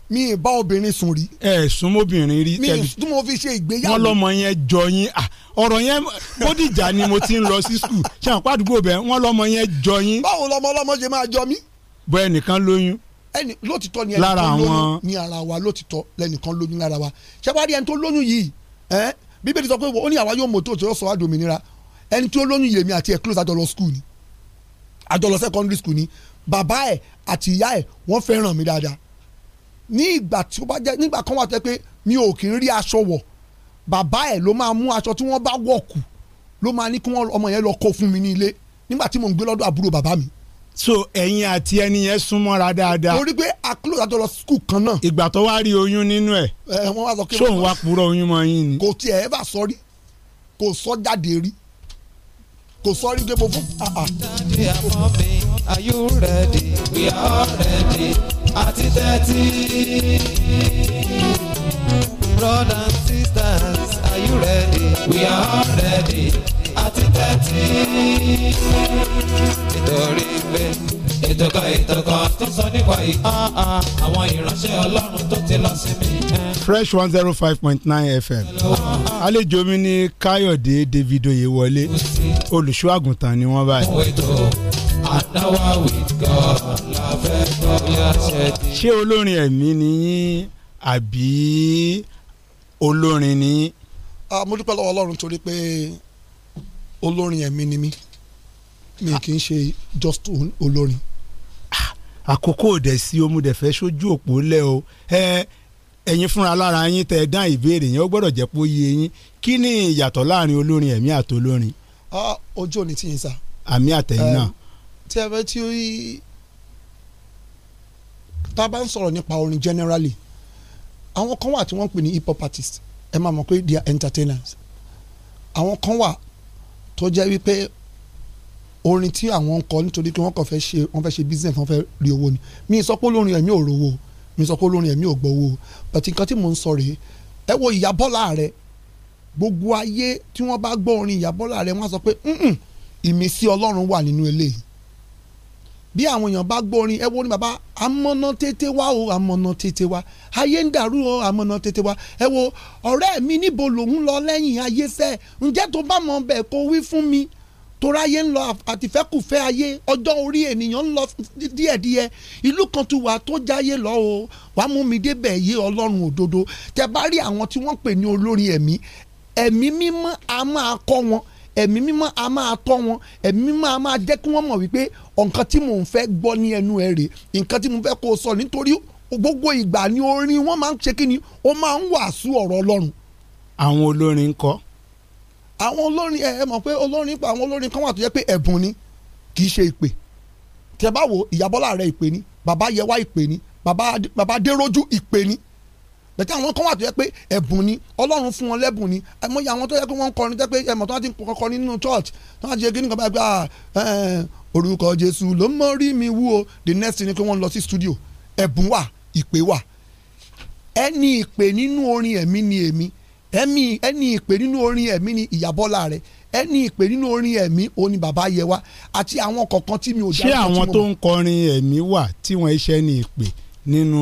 mi ì bá obìnrin sùn rí. ẹ súnmọ́bìnrin rí tẹbi mi ì mo fi ṣe ìgbéyàwó. wọ́n lọ́mọ yẹn jọ yín à ọ̀rọ̀ yẹn bódìjà ni mo ti ń lọ sí skul ṣé àwọn àdúgbò bẹ́ẹ̀ wọ́n lọ́mọ yẹn jọ yín. báwo lọmọ ọlọmọ ṣe máa jọ mí. bọ ẹnìkan lóyún. ẹni lótìtọ́ ni ẹnìkan lóyún ní ara wa lótìtọ́ lẹnìkan lóyún lára wa ṣé wàá rí ẹni tó lóyún yìí bíbélì sọ pé ó ní àwa yóò mọ̀ tó tó yóò sọ ẹni tí ó lóyún yèmí àti ẹ̀ close àjọlọ school ni àjọlọ secondary school ni bàbá ẹ̀ àti ìyá ẹ̀ wọ́n fẹ́ràn mi dáadáa ní ìgbà tí ó bá jẹ́ nígbà kan wà tó yẹ pé mi ò kì í rí aṣọ wọ̀ bàbá ẹ̀ ló máa mú aṣọ tí wọ́n bá wọ̀ kù ló máa ní kí wọ́n ọmọ yẹn lọ kó fún mi ní ilé nígbà tí mò ń gbé lọ́dọ̀ àbúrò bàbá mi. so ẹ̀yin àti ẹni yẹn súnmọ́ra dáadáa. mo pé a close àjọlọ school kan náà. ìgbà tó wá rí oyún nínú ẹ̀. ẹ wọ́n wá sọ kí wọ́n. sóun wá purọ́ oyún mọ́ yín ni. kò tiẹ̀ ẹ́ bá sọ rí kò sọ jáde rí kò sọ rí fún. Daddy and are you ready? We are ready. Àti tẹ́tí. Brothers and sisters, are you ready? We are ready. Àti tẹ́tí. Nítorí pé ètò kan tó sọ nípa ìhà ah, ah, àwọn ìránṣẹ́ ọlọ́run tó ti lọ sí mi. fresh one zero five point nine fm àlejò mi ni káyọ̀dé david oyewọlé olùṣọ́ àgùntàn ni wọ́n báyìí. ṣé olórin ẹ̀mí ni yín àbí olórin ni yín. mo dúpẹ́ lọ́wọ́ ọlọ́run torí pé olórin ẹ̀mí ni mí mi kì í ṣe just olórin àkókò òdẹ sí omu dẹ fẹ́ sójú òpó lẹ o ẹ ẹ̀yin fúnra lára yín tẹ dán ìbéèrè yẹn ó gbọ́dọ̀ jẹ́ pé ó yé yín kí ni ìyàtọ̀ láàrin olórin ẹ̀mí àtolórin. ojú ò ní tí yín àmì àtẹ̀yìn náà. tí ẹ bẹ tí ó tá a bá ń sọ̀rọ̀ nípa orin generally àwọn kan wà tí wọ́n ń pè ní hip hop artist ẹ máa mọ̀ pé they are entertainers àwọn kan wà tó jẹ́ wípé orin tí àwọn ń kọ nítorí pé wọ́n kàn fẹ́ ṣe wọ́n fẹ́ ṣe business wọ́n fẹ́ rí owó ni mi sọ pé olórin ẹ̀mí ò rówó mi sọ pé olórin ẹ̀mí ò gbowó bàtí nǹkan tí mò ń sọ rèé ẹ wo Ìyá Bọ́lá Ààrẹ gbogbo ayé tí wọ́n bá gbọ́ orin Ìyá Bọ́lá Ààrẹ wọ́n á sọ pé ìmísí Ọlọ́run wà nínú eléyìí bí àwọn èèyàn bá gbọ́ orin ẹ wo ni bàbá amọ̀nà tètè wá o amọ̀nà tètè wá ayé ń dàrú o amọ̀nà tètè wá ẹ wo ọ̀rẹ́ mi níbo lòun lọ lẹ́yìn ayé sẹ́ ǹjẹ́ tó bá mọ̀ bẹ́ẹ̀ kó wí fún mi toráyé ń lọ àtìfẹ́kùfẹ́ ayé ọjọ́ orí ènìyàn ń lọ díẹ̀díẹ̀ ìlú kan tún wà tó jáyé lọ o wàá mú mi débẹ̀ yé ọlọ́run òdodo tẹ bá rí àwọn tí wọ́n pè ní olórin ẹ̀mí ẹ̀mí mímọ́ a máa kọ́ wọn ẹ̀mí mímọ́ a máa tọ́ wọn ẹ̀mí mímọ́ a máa jẹ́ kí wọ́n mọ̀ wípé nǹkan tí mò ń fẹ́ gbọ́ ní ẹnu ẹ̀ rè nǹkan tí mo fẹ́ kó o sọ nítorí gbogbo ìgbà ni orin wọn máa ń ṣe kí ni ó máa ń wàásù ọ̀rọ̀ ọlọ́run. àwọn olórin ń kọ́ àwọn olórin ẹ mọ̀ pé olórin pa àwọn olórin kan wà tó yẹ pé ẹ̀bùn ni kì í ṣe ìpè tí ẹ bá wo ìyàbọ́lá rẹ ìpè ni bàbá yẹwà ìpè ni bàbá dérójú ìpè ni bẹ̀tẹ̀ àwọn kan wà tó yẹ pé ẹ̀bùn ni ọlọ́run fún wọn lẹ́bùn ni mo yẹ àwọn tó yẹ pé wọ́n ń kọrin tó yẹ pé ẹ̀mọ̀ tó wá ti ń kọrin nínú church tó wá ti ṣe kí nìkan báyìí pé ah, orúkọ jésù ló mọ rí mi wú o the next thing ni pé wọ́n lọ sí studio ẹ̀bùn wà ìpè wà ẹni ìpè nínú orin ẹ̀mí ni èmi ẹ̀mí ẹni ìpè nínú orin ẹ̀mí ni ìyàbọ́lá rẹ̀ ẹni ìpè nínú orin ẹ̀mí òní bàbá yẹ wa àti àwọn kọ̀ọ̀kan tí mi ò dáná. ṣé àwọn tó ń kọrin ẹ̀mí wà tí wọ́n iṣẹ́ ní ìpè nínú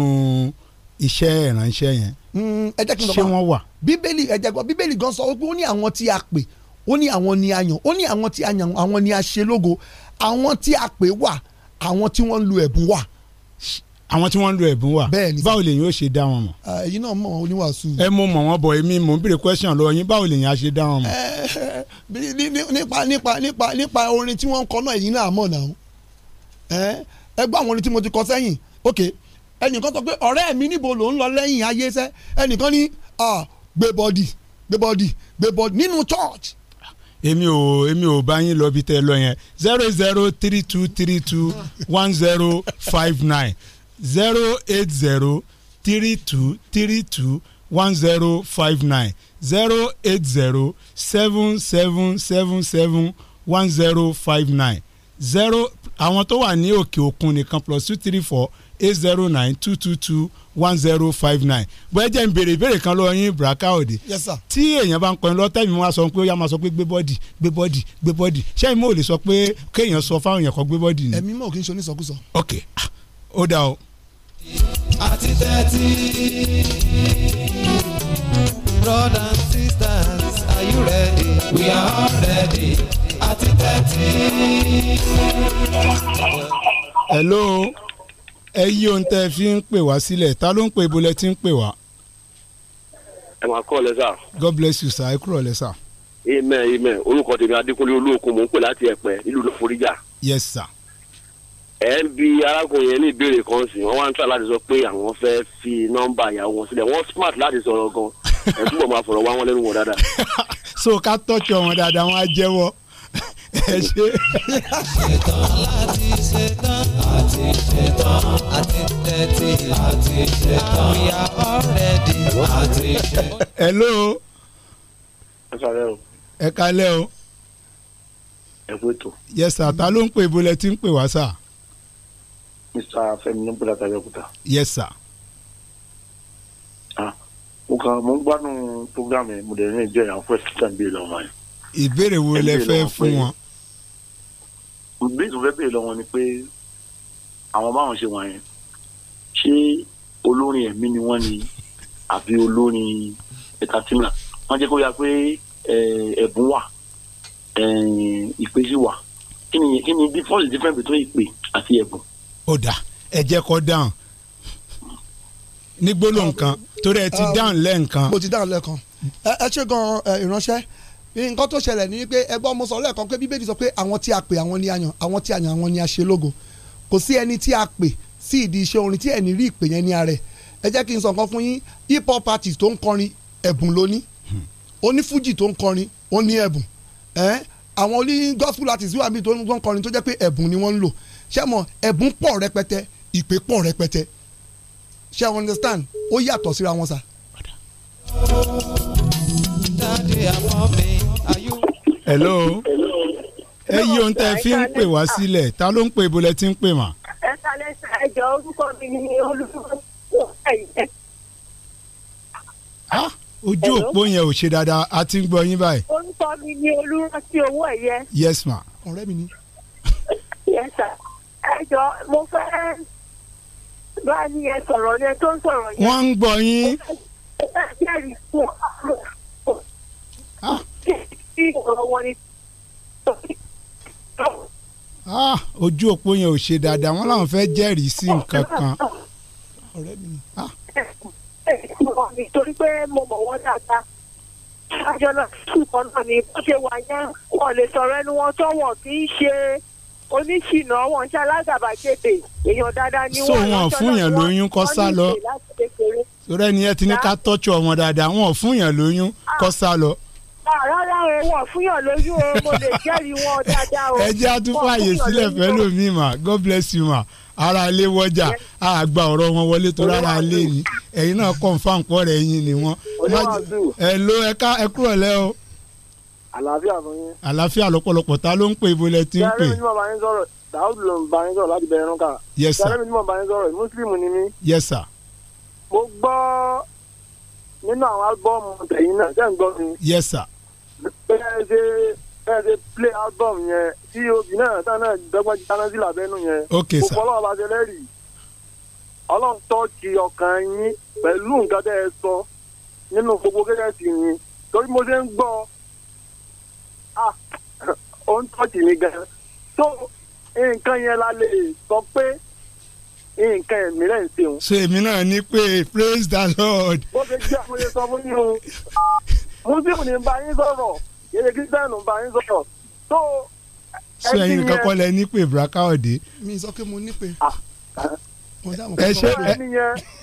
iṣẹ́ ìránṣẹ́ yẹn hmm, ṣé wọ́n wà. bíbélì ẹ̀jẹ̀ gan bíbélì gan sọ pé ó ní àwọn tí a pè ó ní àwọn ni a yàn ó ní àwọn tí a yàn àwọn ni a ṣe lógo àwọn tí a pè wà àwọn tí wọ́n ń lu ẹ̀bùn wà àwọn tí wọ́n ń lo ẹ̀bùn wa báwo lèyìn ó ṣe dá wọn mọ̀. Ah, ẹ̀yin náà mọ̀ oníwàásù. ẹ mo mọ̀ wọ́n bọ̀ èmi mò ń béèrè question lọ́wọ́ yín báwo lèyìn á ṣe dá wọn mọ̀. <laughs> nípa nípa nípa nípa orin tí wọ́n ń kọ náà ẹ̀yin náà mọ̀ náà ẹ gbọ́ àwọn orin tí mo ti kọ sẹ́yìn ok ẹnìkan sọ pé ọ̀rẹ́ mi níbo ló ń lọ lẹ́yìn ayé sẹ́ ẹnìkan ní gbé bọ́dì gbé bọ́dì gbé bọ́dì nínú church èmi ò èmi ò bá yín lọ bí tẹ lọ yẹn zero zero three two three two one zero five nine zero eight zero three two three two one zero five nine zero eight zero seven seven seven seven one zero five nine zero àwọn tó wà ní òkè òkun nìkan plus two three four eight zero nine two two two one zero five nine bóyá jẹ́ ń béèrè ìbéèrè kan lọ́wọ́ yín Braka Ode. yes sir. tí èèyàn bá ń kọrin lọ́tẹ́ mi wá sọ pé ó yá máa sọ pé gbé bọ́dì gbé bọ́dì gbé bọ́dì ṣé ìmọ̀ ò lè sọ pé kéèyàn sọ fáwọn èèyàn kan gbé bọ́dì ni. ẹ̀mí mọ̀ kí n ṣe onísọkúsọ. ok ah, ó dà o àti tẹ́tí. Brothers and sisters, are you ready? We are all ready. Àti tẹ́tí. Hello, ẹ yí ohun tẹ́ ẹ fi ń pè wá sílẹ̀, ta ló ń pè ibo lẹ ti ń pè wá? Ẹ máa kọ́ ọ lẹ́sà. God bless you sir, ẹ kúrò lẹ́sà. Amen amen, orúkọ tèmi Adékúnlé Olóòkun mò ń pè láti Ẹ̀pẹ́ nílùú Lọ́foríjà. Yes sir ẹ arákùnrin yẹn ní ìbéèrè kan sí wọn wá ń tà láti sọ pé àwọn fẹ́ fi nọ́mbà ìyàwó wọn sílẹ̀ wọ́n smart láti sọ̀rọ̀ gan ẹ̀ túbọ̀ máa fọ̀rọ̀ wá wọn lẹ́nu wọn dáadáa. <laughs> so ká tọ́jú ọmọ dáadáa wọn á jẹ́wọ́ ẹ ṣe. ṣetán láti ṣetán àti ṣetán àti tẹ́tí àti ṣetán ya ọ̀rẹ́dì àti ṣetán. hello. ẹ kálẹ́ o. ẹ kálẹ́ o. ẹ kú ètò. yẹ sà ló ń pè bó lẹ ń pè wá sà mr fẹmi bùdàkà yọkùtà. yes sir. ah mo kàn mo ń gbádùn program yẹn mo dẹ̀ ní ìbéèrè àwọn fẹ́ẹ́ tán bí ìlọ́wọ́ yẹn. ìbéèrè wo lẹ fẹ́ fún wọn. ìbéèrè tó fẹ́ béèrè lọ́wọ́ ni pé àwọn báwọn ṣe wọ̀nyẹn ṣé olórin ẹ̀mí ni wọ́n ni àbí olórin ẹ̀kátìmọ̀ wọ́n jẹ́ kó yà pé ẹ̀bùn wà ìpèsè wà kí ni kí ni difference difference between ìpè àti ẹ̀bùn ó dà ẹ jẹ́ dáhùn ní gbólóhùn kan torí ẹ ti um, dáhùn lẹ́ẹ̀kan. mo ti dáhùn lẹ́ẹ̀kan ẹ ṣe gan ìránṣẹ́ nǹkan tó ṣẹlẹ̀ ni pé ẹgbọ́n mo sọ lẹ́ẹ̀kan pé bíbélì sọ pé àwọn tí a pè àwọn ni a yàn àwọn tí a yàn àwọn ni a ṣe lógo kò sí ẹni tí a pè sí ìdí iṣẹ́ orin tí ẹni rí ìpè yẹn ní ara ẹ̀ ẹ jẹ́ kí n sọ nǹkan fún yín hip hop artist tó ń kọrin ẹ̀bùn ló ní hmm. onífújì tó ń kọrin ó ní ẹ̀bùn àwọn oní gospel artist wà mí tó ń kọrin tó jẹ́ pé ẹ̀bùn ni wọ́n ń lò ṣẹ́mọ̀ ẹ̀bùn pọ̀ rẹpẹtẹ ìpè pọ̀ rẹpẹtẹ ṣe you understand ó yàtọ̀ síra wọn sà. hello ẹ yí ohun tẹ́ fi ń pè wá sílẹ̀ ta ló ń pè ibo lẹ ń pè mà. ẹ kalẹ̀ sá ẹ jọ orúkọ mi ni olùdókòwò ojú òpó yẹn ò ṣe dáadáa a ti ń gbọ́ yín báyìí. orúkọ mi ni olùrántí owó ẹ̀yẹ. yes ma. ọ̀rẹ́ mi ni. yes sir ẹjọ mo fẹ́ bá ní ẹ sọ̀rọ̀ yẹn tó ń sọ̀rọ̀ yẹn. wọ́n ń gbọ́ yín. Ah. Ah, ojú òpó yẹn ò ṣe dáadáa wọ́n làwọn fẹ́ jẹ́rìí sí nǹkan kan. Ah. torí pé mo mọ̀ wọ́n dáadáa àjọ náà sùn kan náà ni bó ṣe wà yẹn wọ́n lè sọ̀rọ̀ ẹnu wọn tó kì í ṣe oníṣìnà wọn ṣe alágàbàgebè èèyàn dáadáa ni wọn. so wọn fún yàn lóyún kó sá lọ torí ẹni ẹ ti ní ká tọ́jú ọmọ dáadáa wọn fún yàn lóyún kó ah. sá lọ. Ah, rárá o wọn fún yàn lóyún o mo lè jẹ́rìí wọn dáadáa o. <laughs> ẹ jẹ́ àtúfààyè sílẹ̀ fẹ́lò mi mà god bless you ma ara ilé wọjà a gba ọ̀rọ̀ wọn wọlé tó rárá ilé ni ẹ̀yin náà confam pọ̀ rẹ̀ yín ni wọ́n. ẹ lo ẹ̀ka ẹ̀kúrọ̀lẹ́ o àlàáfíà fún yín. àlàáfíà lọ́pọ̀lọpọ̀ ta ló ń pè ibo ilẹ̀ tí ń pè. yàrá mi ni mo bá yín sọ̀rọ̀ dàúdù ló ń bá yín sọ̀rọ̀ láti bẹ̀rẹ̀ nǹkan. yes sir yàrá mi ni mo bá yín sọ̀rọ̀ mùsùlùmí ni mí. yes sir. mo gbọ́ nínú àwọn álbọ́ọ̀mù tẹ̀yìn náà ṣé ń gbọ́ mi. yes sir. bẹ́ẹ̀ ṣe play album yẹn tí obì náà táwọn náà dọ́gbọ́n ti dáná sí ok sir. mo fọlọ́ ọba ṣe lẹ́rìí ọlọ́run tọ́ọ̀kì ọkàn yín pẹ̀lú nǹkan tẹ́ ẹ sọ nínú gbogbo kẹ́kẹ́ sí yín torí mo ṣe ń gbọ́ ó ń tọ́jú mi gan so nǹkan yẹn la lè sọ pé nǹkan ẹ̀mí rẹ̀ ń ṣe òun. ṣé èmi náà ní pé praise the lord. bó ṣe jẹ́ àwọn ẹ̀sọ́ fún yín o muslim ní bá yín sọ̀rọ̀ yẹ̀yẹ̀ kristian bá yín sọ̀rọ̀ so. ṣé ẹ̀yin nìkan kọ́ lẹ ní pé buraka ọ̀dẹ́. mi sọ pé mo ní pé ah. ẹ ṣe ẹ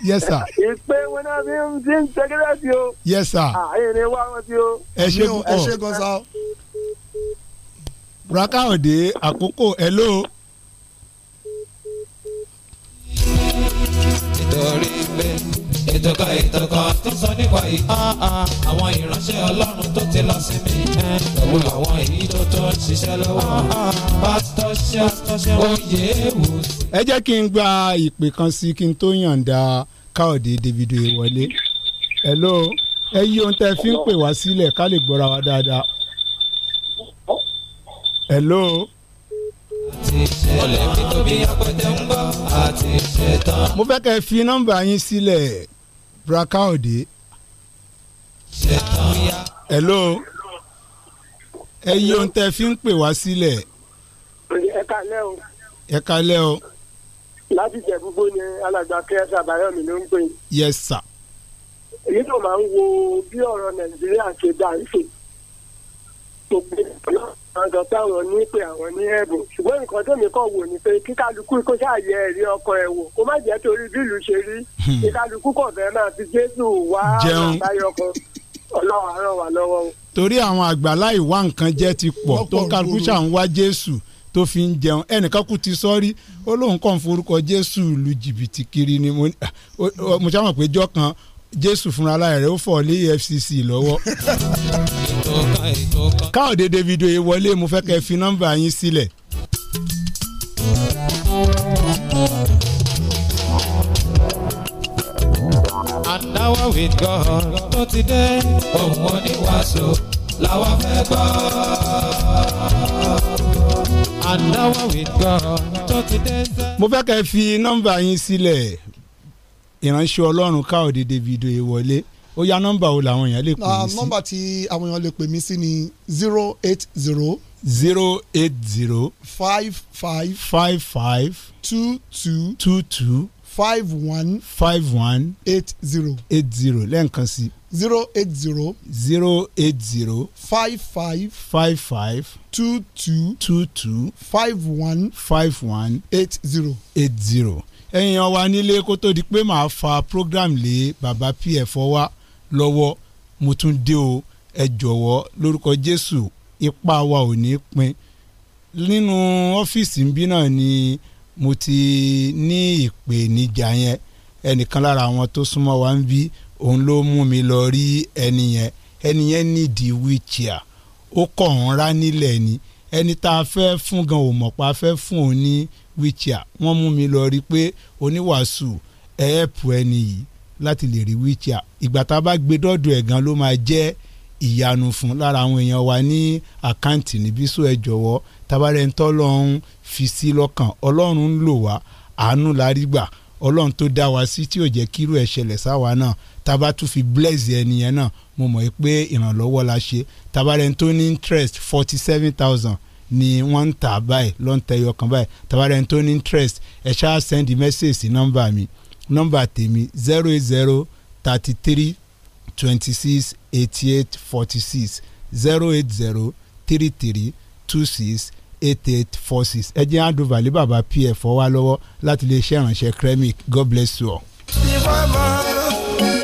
yes sir. ìpè wọn náà fi ń ṣe ń o. yes sir. Ah, ẹ ṣe púpọ̀ ẹ ṣe gan sa buraka òde àkókò hello. nítorí pé ìtọ́ka ìtọ́ka tó sọ nípa ìhà àwọn ìránṣẹ́ ọlọ́run tó ti lọ sí mi pẹ̀lú àwọn ìjọ tó ń ṣiṣẹ́ lọ́wọ́ pásítọ̀ ṣe oyè wò. ẹ jẹ́ kí n gba ìpè kan sí kí n tó yànda káòdì davido wọlé hello ẹ yí ohun tẹ́ fi ń pè wá sílẹ̀ ká lè gbọ́ra wa dáadáa hello. mo fẹ́ kẹ́ ẹ fi nọ́mbà yín sílẹ̀ braka òde. hello. ẹ yí ohun tẹ́ fi ń pè wá sílẹ̀. ẹ kalẹ́ o. ẹ kalẹ́ o. láti Ìjẹ̀bú-Igbó alàgbà kẹ́sà báyọ̀mí ló ń pè. yes sir. èyí tó máa ń wo bí ọ̀rọ̀ Nàìjíríà ṣe dá ń ṣe. gbogbo ìpínlẹ̀ wọ́n sọ pé àwọn ní pé àwọn ní ẹ̀bùn ṣùgbọ́n nǹkan tèmi kàn wò ni pé kíkálukú kó ṣàyẹ ẹ̀rí ọkọ ẹ̀ wò kó má jẹ́ torí bílù ṣe rí hmm. kíkálukú kàn fẹ́ máa fi jésù wá àbáyọ kan ọlọ́run àárọ̀ wà lọ́wọ́ o. torí àwọn àgbà láì wá nǹkan jẹ ti pọ̀ tó kálukú ṣà ń wá jésù tó fi ń jẹun ẹnìkan kù ti sọ́rí ó lóun kàn forúkọ jésù lu jìbìtì kiri ni mo ah, ṣàmọ̀ pé jọ́ kan jésù fúnra rẹ̀ ó fọ̀ lé efcc lọ́wọ́. káòdé davido yìí wọlé mo fẹ́ kẹ́ fi nọ́mbà yín sílẹ̀. àdáwọ̀ with God tó ti dé òun oníwàásù làwọn fẹ́ gbọ́. àdáwọ̀ with God tó ti dé. mo fẹ́ kẹ́ fi nọ́mbà yín sílẹ̀ ìránṣẹ́ ọlọ́run káòdé davido ìwọlé ó yá nọ́mbà wo làwọn èèyàn lè pè mí ah, sí. nọ́mbà tí àwọn èèyàn lè pè mí sí ni zero eight zero. zero eight zero. five five. five five. two two. two two. five one. five one. eight zero. eight zero lẹ́ǹkan sí. zero eight zero. zero eight zero. five five. five five. two two. two two. five one. five one. eight zero. eight zero èèyàn wa nílé kó tó di pé màá fa program lé bàbá pf wa lọ́wọ́ mo tún dé o ẹ jọ̀wọ́ lórúkọ jésù ipá wa ò ní pin nínú ọ́fíìsì ń náà ni mo ti ní ìpèníjà yẹn ẹnìkan lára àwọn tó súnmọ́ wa ń bí òun ló mú mi lọ rí ẹni yẹn ẹni yẹn nídìí wheelchair ó kọ̀ ń rá nílẹ̀ ni ẹni tá a fẹ́ fún gan ò fẹ́ fún òun ní wheelchair wọ́n mú mi lọ rí i pé oníwàásù ẹ̀ẹ́pù ẹni yìí láti lè rí wheelchair ìgbà tá a bá gbé dọ́dọ̀ ẹ̀ gan ló máa jẹ́ ìyanu fún lára àwọn èèyàn wa ní àkáǹtì níbí sọ ẹ jọ̀wọ́ tabarẹ́ ń fi sí lọ́kàn ọlọ́run lò wá àánú la ọlọ́run tó dá wa sí tí ò jẹ́ kírú ẹ̀ ṣẹlẹ̀ sáwa náà tábà tún fi bless ẹnìyẹn náà mo mọ̀ pé ìrànlọ́wọ́ la ṣe tabarẹ́ ní interest forty seven thousand ni wọ́n ń tà báyìí ló ń tẹyọ kan báyìí tabarẹ́n tó ní interest ẹ ṣáà send message sí nọ́mbà mi nọ́mbà tèmi zero zero thirty three twenty six eighty eight forty six zero eight zero three three two six eight eight four six ẹ jẹ́ àdùnfà lé bàbá pf wá lọ́wọ́ láti lè ṣe ìrànṣẹ́ kremik god bless you all. ìfọ̀mọ́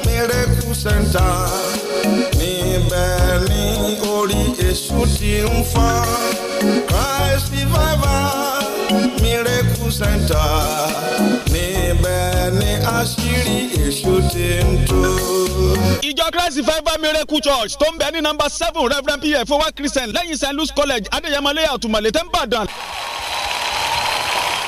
mẹ́rẹ́kù sẹ́ńtà níbẹ̀ ni orí èṣù ti ń fọ́. Christ Revival Miracle Center níbẹ̀ ni àṣírí èṣù ti ń tú. Ìjọ Christ Revival Miracle Church tó ń bẹ ní nọ́mbà seven Reverend P.F. Owa Christian lẹ́yìn St. Louis College Adéyẹmọlẹ́yà Òtùmọ̀lẹ́tẹ̀ ń bàdàn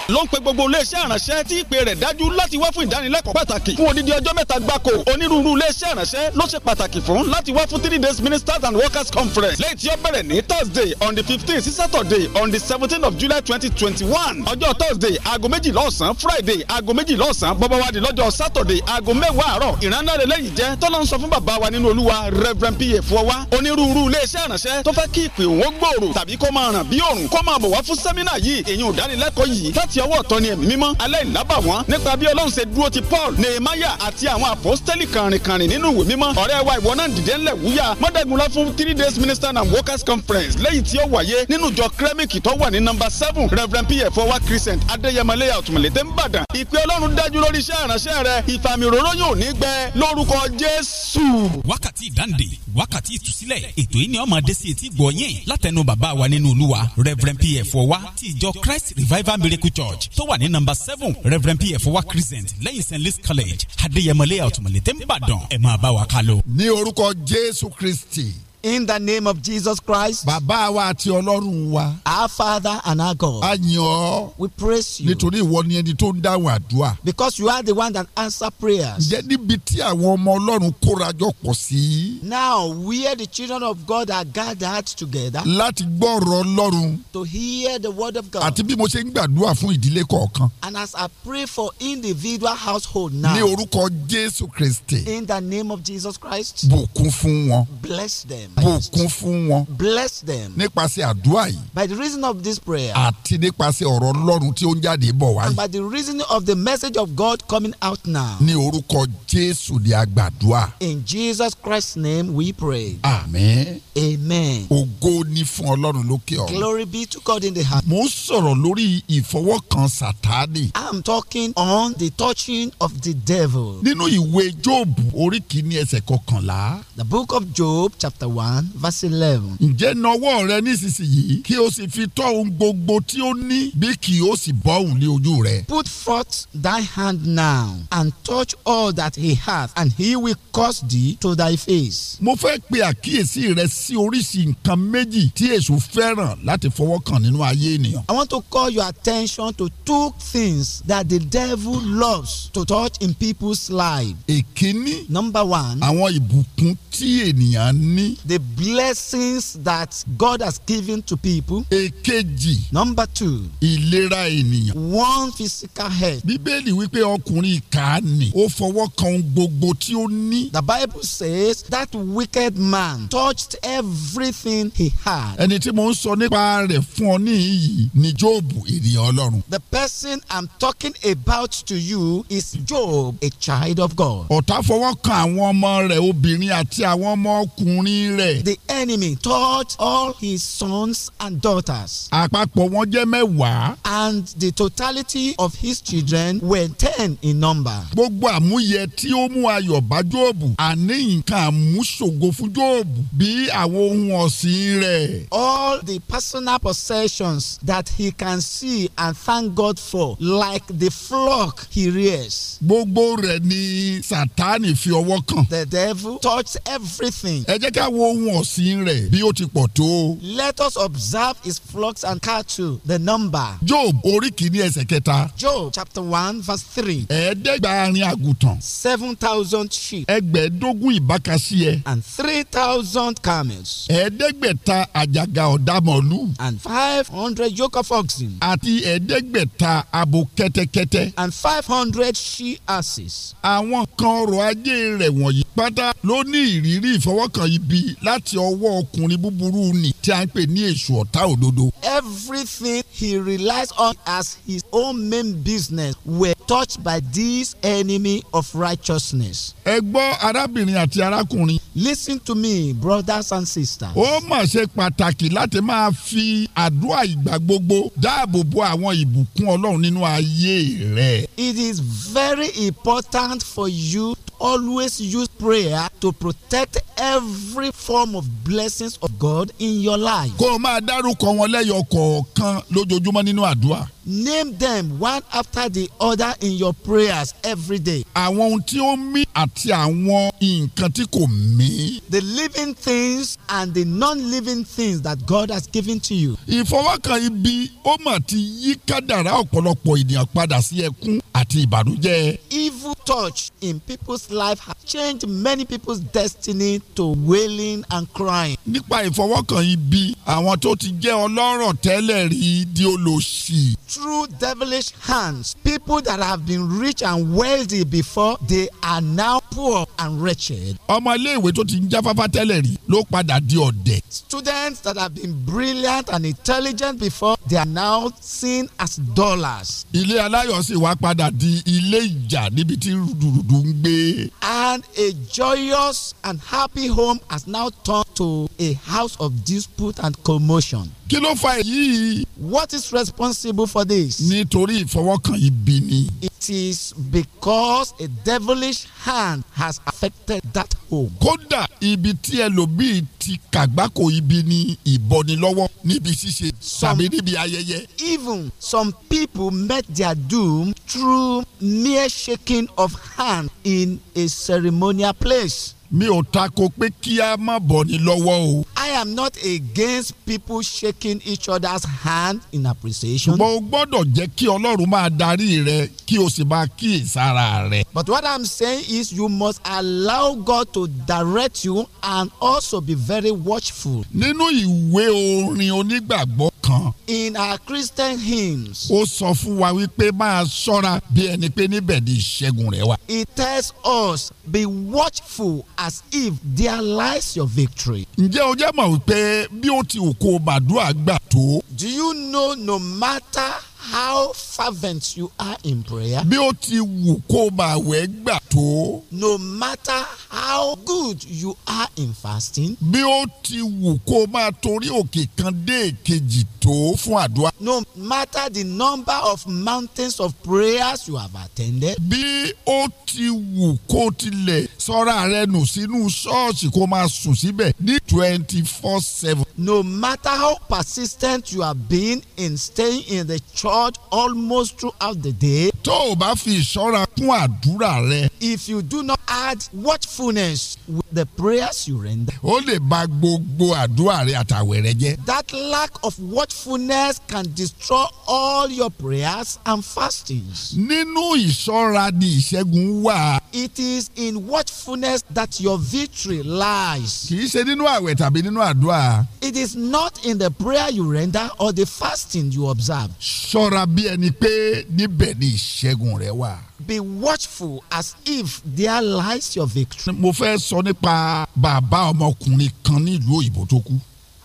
ló ń pe gbogbo iléeṣẹ́ ìrànṣẹ́ tí ìpè rẹ̀ dájú láti wá fún ìdánilẹ́kọ̀ọ́ pàtàkì fún odidi ọjọ́ mẹ́ta gbáko onírúurú iléeṣẹ́ ìrànṣẹ́ ló ṣe pàtàkì fún láti wá fún three days ministers and workers conference lẹ́yìn tí ó bẹ̀rẹ̀ ní thursday on the fifteen sí saturday on the seventeen of july twenty twenty one ọjọ́ thursday aago méjìlá ọ̀sán friday aago méjìlá ọ̀sán bọ́bọ́wádìí lọ́jọ́ saturday aago mẹ́wàá àárọ̀ ìránlẹ́rẹ́ lẹ́yìn jẹ́ tọ́lọ́ ń sọ fún bàbá wa nínú olúwa reverend pa fọwá onírúurú iléeṣẹ́ ìrànṣẹ́ tó fẹ́ kí ìpè òun ó gbòòrò tàbí kó máa ràn bí òrùn kó máa bọ̀ wá fún sẹ́mínà yìí èyí ò dánilẹ́kọ̀ọ́ yìí láti láti ọwọ́ ọ̀tọ́ ni ẹ̀mí mímọ́ aláìlábà wọ́n nípa bí ọlọ́run ṣe dúró ti paul nehemiah àti àwọn àpọ́stẹ́lì kàrìnkàrìn nínú ìwé mímọ́ ọ̀rẹ́ wa ìwọ náà dìde ńlẹ̀ wúyà mọ́dẹ́gunlá fún three days minister and workers conference lẹ́yìn tí ó wáyé nínú ìjọ kremik tó wà ní nọ́mbà seven reverend pf ọwá christian adéyẹmọlẹ́ àtùmọ̀lẹ́tẹ̀ ń bàdàn ìpè ọlọ́run dájú lórí iṣẹ́ ìránṣẹ́ rẹ ìfàmì òróró yóò ní gbẹ lórúkọ jésù. wákàtí ìdáǹdè wákàtí ìtúsílẹ̀ ètò yìí ni ọmọ adé sí etí gbọ̀nyìn látẹnu bàbá wa nínú olúwa reverend pf ọwá ti ìjọ christ revival miracle church church tó wà ní number seven reverend pf wa crescent lẹ́yìn st louis college adéyẹmọlẹ́yà ọ̀túnmọ̀lẹ́tẹ̀ ń bàdàn ẹ̀ máa bá wa ká lọ. ní orúkọ jésù kristi in the name of Jesus Christ. bàbá wa àti ọlọ́run wa. our father and our God. a yìn ọ́. we praise you. nítorí ìwọ ni ẹni tó ń dáhùn àdúrà. because you are the one that answer prayers. ǹjẹ́ níbi tí àwọn ọmọ ọlọ́run kóra pọ̀ sí. now where the children of God are gathered together. láti gbọ́ ọ̀rọ̀ ọlọ́run. to hear the word of God. àti bí mo ṣe ń gbàdúrà fún ìdílé kọ̀ọ̀kan. and as I pray for individual household now. ní orúkọ Jésù Kristi. in the name of Jesus Christ. bùkún fún wọn. bless them bùkún fún wọn. bless them. nípasẹ̀ àdúrà yìí. by the reason of this prayer. àti nípasẹ̀ ọ̀rọ̀ ọlọ́run tí ó ń jáde bọ̀ wáyé. and by the reason of the message of God coming out now. ní orúkọ jésù ni a gbàdúrà. in Jesus Christ's name we pray. Amen. amen. ògo ni fún ọlọ́run lókè ọ̀run. glory be to God in the heart. mo ń sọ̀rọ̀ lórí ìfọwọ́kan sátánì. I'm talking on the touching of the devil. nínú ìwé Job orí kìíní ẹsẹ̀ kọkànlá. the book of Job chapter one one verse eleven. ǹjẹ́ nawọ́ rẹ nísinsìnyí kí o sì fi tọ́ ohun gbogbo tí ó ní bí kì ó sì bọ́ òun ní ojú rẹ. put forth thy hand now and touch all that he hath and he will cause thee to thy face. mo fẹ́ pe àkíyèsí rẹ sí oríṣi nǹkan méjì tí èṣù fẹ́ràn láti fọwọ́ kàn nínú ayé ènìyàn. I want to call your attention to two things that the devil loves to touch in people's lives. èkíní. number one. àwọn ìbùkún tí ènìyàn ní the blessings that God has given to people. èkejì. number two. ìlera ènìyàn. one physical health. bíbélì wípé ọkùnrin kàánì ó fọwọ́ kan gbogbo tí ó ní. the bible says that wicked man touched everything he had. ẹni tí mo ń sọ nípa rẹ̀ fún ọ níyì ni Jóòbù ènìyàn Ọlọ́run. the person I'm talking about to you is Job a child of God. ọ̀tá fọwọ́ kan àwọn ọmọ rẹ̀ obìnrin àti àwọn ọmọ ọkùnrin rẹ̀. the enemy taught all his sons and daughters. àpapọ̀ wọn jẹ́ mẹ́wàá. and the totality of his children were ten in number. gbogbo àmúyẹ tí ó mú ayọ̀ bá Jóòbù àní nǹkan àmúṣògo fún Jóòbù bí àwọn ohun ọ̀sìn rẹ̀. all the personal possessions that he can see and thank God for like the flock he rears. gbogbo rẹ̀ ni Sátánì fi ọwọ́ kàn. the devil touched everything. ẹ jẹ́ ká wo ohun ọ̀sìn rẹ̀ bí ó ti pọ̀ tó. Let us observe his flocks and cattle the number. Job orí kìíní ẹsẹ̀ kẹta. Job chapter one verse three. ẹ̀ẹ́dẹ́gbàárin àgùntàn. seven thousand sheep. ẹgbẹ̀ẹ́dógún ìbákasíẹ. and three thousand camels. ẹ̀ẹ́dẹ́gbẹ̀ta àjàgà ọ̀dàmọ̀lú. and five hundred yoke of oxen. àti ẹ̀ẹ́dẹ́gbẹ̀ta abo kẹ́tẹ́kẹ́tẹ́. and five hundred she asses. àwọn kan ọrọ̀ ajé rẹ̀ wọ̀nyí pátá ló ní ìrírí ìfọwọ́kàn ibi láti ọwọ́ ọkùnrin búburú ni tí a ń pè ní èṣù ọ̀tá òdodo. everything he relies on as his own main business were touched by this enemy of righteousness. ẹ gbọ́ arábìnrin àti arákùnrin. listen to me brothers and sisters. ó mà ṣe pàtàkì láti máa fi àdúrà ìgbà gbogbo dáàbò bo àwọn ìbùkún ọlọ́run nínú ayé rẹ. it is very important for you always use prayer to protect every form of blessings of God in your life. kó o máa dárúkọ wọn lẹ́yọ̀ kọ̀ọ̀kan lójoojúmọ́ nínú àdúrà name them one after the other in your prayers every day. àwọn ohun tí ó mí àti àwọn nǹkan tí kò mí. the living things and the non-living things that God has given to you. ìfọwọ́kàn ibi ó mà ti yí kádàrá ọ̀pọ̀lọpọ̀ ènìyàn padà sí ẹkún àti ìbànújẹ́. evil touch in people's life has changed many people's destiny to wailing and crying. nípa ìfọwọ́kàn ibi àwọn tó ti jẹ́ ọlọ́rọ̀ tẹ́lẹ̀ rí di olóṣì through devilish hands. People that have been rich and wealthy before, they are now poor and wretched. ọmọ iléèwé tó ti ń jáfáfá tẹ́lẹ̀ rí ló padà di ọ̀dẹ̀. Students that have been brilliant and intelligent before, they are now seen as dollars. ilé aláyọ̀ sì wá padà di ilé ìjà níbi tí rúdurùdu ń gbé. And a joyous and happy home has now turned to a house of dispute and commotion. kí ló fa èyí. What is responsible for this. nítorí ìfọwọ́kàn ibi ni. it is because a devilish hand has affected that home. kódà ibi tí ẹlòmíì ti kàgbákò ibi ni ìbọnilọ́wọ́ níbi ṣíṣe tàbí níbi ayẹyẹ. even some people met their doom through mere shaking of hand in a ceremonial place mi ò tako pé kí a má bọ̀ ní lọ́wọ́ o. I am not against people shaking each other's hand in appreciation. ṣùgbọ́n o gbọ́dọ̀ jẹ́ kí Ọlọ́run máa darí rẹ kí o sì máa kíyèsára rẹ. But what I'm saying is you must allow God to direct you and also be very watchful. nínú ìwé orin onígbàgbọ́ kan. In our Christian hymns. Ó sọ fún wa wípé máa ṣọ́ra bí ẹni pé níbẹ̀ ni ìṣẹ́gun rẹ wà. It tells us be watchful as if there lies your victory. ǹjẹ́ o jẹ́ mọ̀ wípé bí ó ti òkò bàdúrà gbà tó. do you know no matter how fervent you are in prayer. bí ó ti wù kó máa wẹ̀ gbà tó. no matter how good you are in fasting. bí ó ti wù kó máa torí òkè kan dé èkejì tó fún àdúrà. no matter the number of mountains of prayers you have attended. bí ó ti wù kó tilẹ̀ sọ́ra rẹ nù sínú ṣọ́ọ̀ṣì kó máa sùn síbẹ̀ ní twenty four seven. no matter how persistent you have been in staying in the church. God almost throughout the day. tó o bá fi ìṣọ́ra kún àdúrà rẹ. if you do not add watchfulness with the prayers you render. ó lè bà gbogbo àdúrà rẹ àtàwẹ̀ rẹ jẹ́. that lack of watchfulness can destroy all your prayers and fastings. nínú ìṣọ́ra ni ìṣẹ́gun wà. it is in watchfulness that your victory lies. kì ṣe nínú àwẹ̀ tàbí nínú àdúrà. it is not in the prayer you render or the fasting you observe. sọ ṣọ́ra bí ẹni pé níbẹ̀ ni ìṣẹ́gun rẹ wà. Be watchful as if there lies your victory. Mo fẹ́ sọ nípa bàbá ọmọkùnrin kan nílùú òyìnbó tó kú.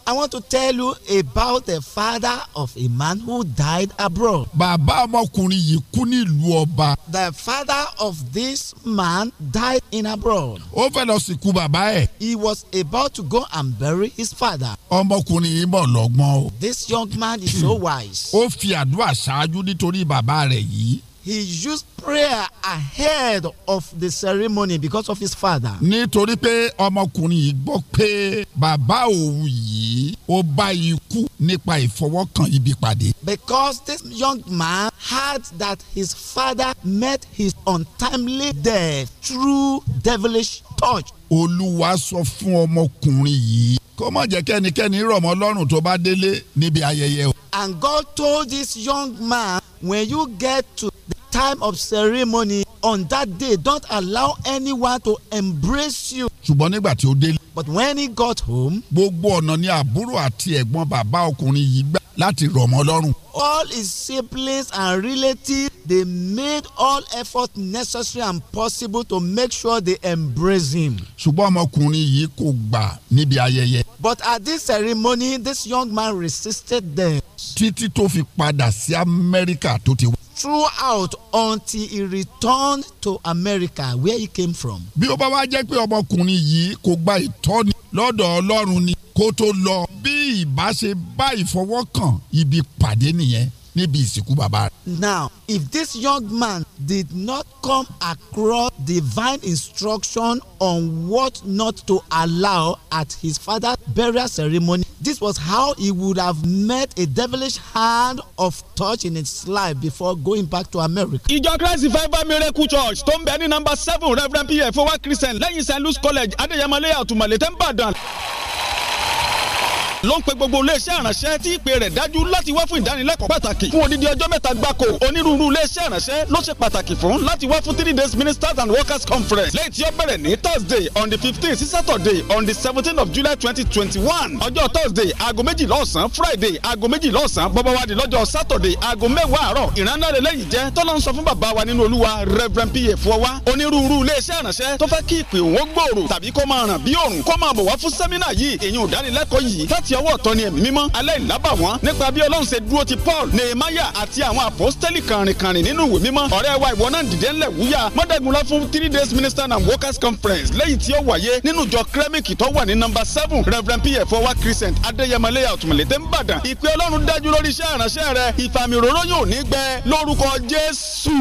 I want to tell you about the father of a man who died abroad. Bàbá ọmọkùnrin yìí kú ní ìlú ọba. The father of this man died in abroad. Ó fẹ́ lọ sìnkú bàbá ẹ̀. He was about to go and bury his father. Ọmọkùnrin yìí mọ̀ lọ́gbọ́n o. This young man is so <clears throat> wise. Ó fi àdúrà ṣáájú nítorí bàbá rẹ̀ yìí he used prayer ahead of the ceremony because of his father. nítorí pé ọmọkùnrin yìí gbọ́ pé bàbá òun yìí ó bá ikú nípa ìfọwọ́kàn ibi pàdé. because this young man heard that his father met his untimely death through devilish touch. olúwa sọ fún ọmọkùnrin yìí kó má jẹ́ kẹ́nikẹ́ni rọ̀ lọ́rùn tó bá délé níbi ayẹyẹ and God told this young man when you get to time of ceremony on that day don't allow anyone to embrace you. ṣùgbọ́n nígbà tí ó délé. but when he got home. gbogbo ọ̀nà ni àbúrò àti ẹ̀gbọ́n bàbá ọkùnrin yìí gbà láti rọ̀ mọ́ lọ́rùn. all his siblings and relatives they made all effort necessary and possible to make sure they embrace him. ṣùgbọ́n ọmọkùnrin yìí kò gbà níbi ayẹyẹ. but at this ceremony this young man resisted them. títí tó fi padà sí Amẹ́ríkà tó ti wá throughout until he returned to America where he came from. bí ó bá wá jẹ́ pé ọmọkùnrin yìí kò gba ìtọ́ni lọ́dọ̀ Ọlọ́run ni kó tó lọ bí ìbá ṣe bá ìfọwọ́kàn ibi pàdé nìyẹn níbi ìsìnkú bàbá rẹ̀. Now, if this young man did not come across divine instruction on what not to allow at his father's burial ceremony, this was how he would have met a devilish hand of touch in his life before going back to America. ìjọ Christ Revival Miracle Church tó ń bẹ ní nọ́mbà seven Reverend P.F. Owa Christian lẹ́yìn St. Louis College Adéyẹmọlẹ́yà Òtùmọ̀lẹ́tẹ̀ ń bàdàn ló ń pe gbogbo iléeṣẹ́ ìrànṣẹ́ tí ìpè rẹ̀ dájú láti wá fún ìdánilẹ́kọ̀ọ́ pàtàkì fún odidi ọjọ́ mẹ́ta gbáko onírúurú iléeṣẹ́ ìrànṣẹ́ ló ṣe pàtàkì fún láti wá fún three days ministers and workers conference lẹ́yìn tí ó bẹ̀rẹ̀ ní thursday on the fifteen sí saturday on the seventeen of july twenty twenty one ọjọ́ thursday aago méjìlá ọ̀sán friday aago méjìlá ọ̀sán bọ́bọ́wádìí lọ́jọ́ saturday aago mẹ́wàá àárọ̀ ìránlẹ́rẹ́ lẹ́yìn jẹ́ tọ́lọ́ ń sọ fún reverend pa fọwá onírúurú iléeṣẹ́ ìrànṣẹ́ tó fẹ́ kí ìpè òun ó gbòòrò tàbí kó máa ràn bí òrùn kó máa bọ̀ wá fún sẹ́mínà láti ọwọ́ ọ̀tọ́ ni ẹ̀mí mímọ́ aláìlábà wọ́n nípa bí ọlọ́run ṣe dúró ti paul nehemiah àti àwọn àpọ́stẹ́lì kàrìnkàrìn nínú ìwé mímọ́ ọ̀rẹ́ wa ìwọ náà dìde ńlẹ̀ wúyà mọ́dẹ́gunlá fún three days minister and workers conference lẹ́yìn tí ó wáyé nínú ìjọ kremik tó wà ní nọ́mbà seven reverend pf ọwá christian adéyẹmọlẹ́ àtùmọ̀lẹ́tẹ̀ ń bàdàn ìpè ọlọ́run dájú lórí iṣẹ́ ìránṣẹ́ rẹ ìfàmì òróró yóò ní gbẹ lórúkọ jésù.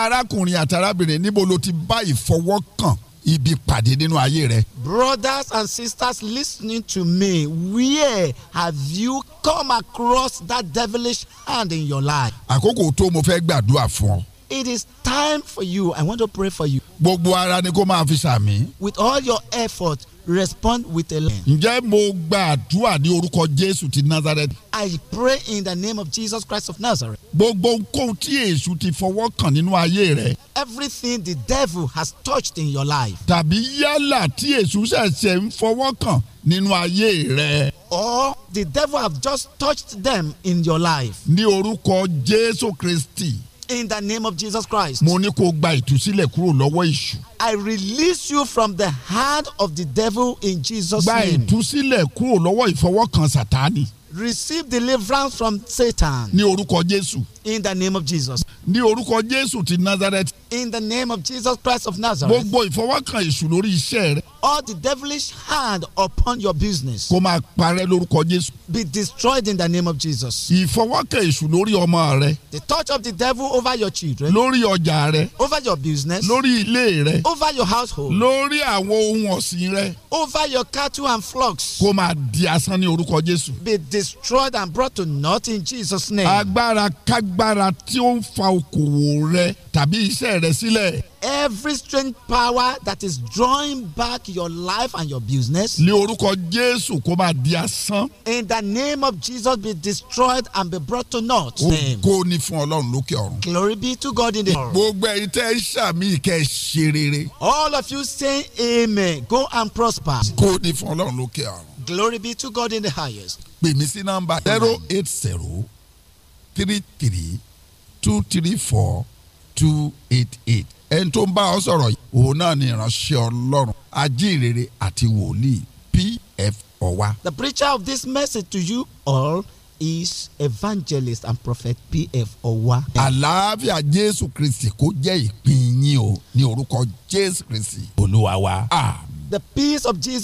arákùnrin àtàrábìnrin níbo ló ti bá ìfọwọ́kàn ibi pàdé nínú ayé rẹ. brothers and sisters listening to me where have you come across that devilish hand in your life. àkókò tó mo fẹ́ gbàdúrà fún ọ It is time for you. I want to pray for you. Gbogbo ara ni kó máa fi sàmì. With all your effort, respond with a line. Ǹjẹ́ mo gba ní orúkọ Jésù ti Nazareth? I pray in the name of Jesus Christ of Nazareth. Gbogbo nǹkan tí èṣù ti fọwọ́ kàn nínú ayé rẹ̀. Everything the devil has touched in your life. Tàbí yálà tí èṣù ṣẹ̀ṣẹ̀ ń fọwọ́ kàn nínú ayé rẹ. Or the devil have just touched them in your life. Ní orúkọ Jésù Kristi in the name of Jesus Christ. mo ní kó gba ìtúsílẹ̀ kúrò lọ́wọ́ ìṣù. I release you from the hand of the devil in Jesus' gba name. gba ìtúsílẹ̀ kúrò lọ́wọ́ ìfọwọ́kàn Sátánì. receive deliverance from Satan. ní orúkọ Jésù. in the name of Jesus. ní orúkọ Jésù ti Nazareth. in the name of Jesus Christ of Nazareth. gbogbo ìfọwọ́kàn ìṣù lórí iṣẹ́ rẹ all the devilish hand upon your business. kó máa parẹ́ lórúkọ Jésù. be destroyed in the name of Jesus. ìfọwọ́kẹ́ èṣù lórí ọmọ rẹ. the touch of the devil over your children. lórí ọjà rẹ. over your business. lórí ilé rẹ. over your household. lórí àwọn ohun ọ̀sìn rẹ. over your cattle and flocks. kó máa di asán ní orúkọ Jésù. be destroyed and brought to naught in Jesus' name. agbára kágbára tí ó ń fa okòwò rẹ tàbí iṣẹ́ rẹ sílẹ̀. every strange power that is drawing back your life and your business. ní orúkọ jésù kó máa di asán. in the name of jesus be destroyed and be brought to naught. ni fún ọlọ́run lókè ọ̀run. glory be to god in the. gbogbo ẹ̀yin tẹ́ ṣàmì ìkẹ́ ṣe rere. all of you say amen go and prosper. ni fún ọlọ́run lókè ọ̀run. glory be to god in the highest. pè mí sí nọ́mbà zero eight zero three three two three four two eight eight. ẹni tó ń bá ọ sọ̀rọ̀ yìí òun náà ni ìránṣẹ́ ọlọ́run ajínrere àti wòlíì pf ọwa. the preacher of this message to you all is evangelist and prophet pf ọwa. àlàáfíà jésù kristi kó jẹ́ ìpín yín o ní orúkọ jésù kristi olúwa wa. the peace of jesus.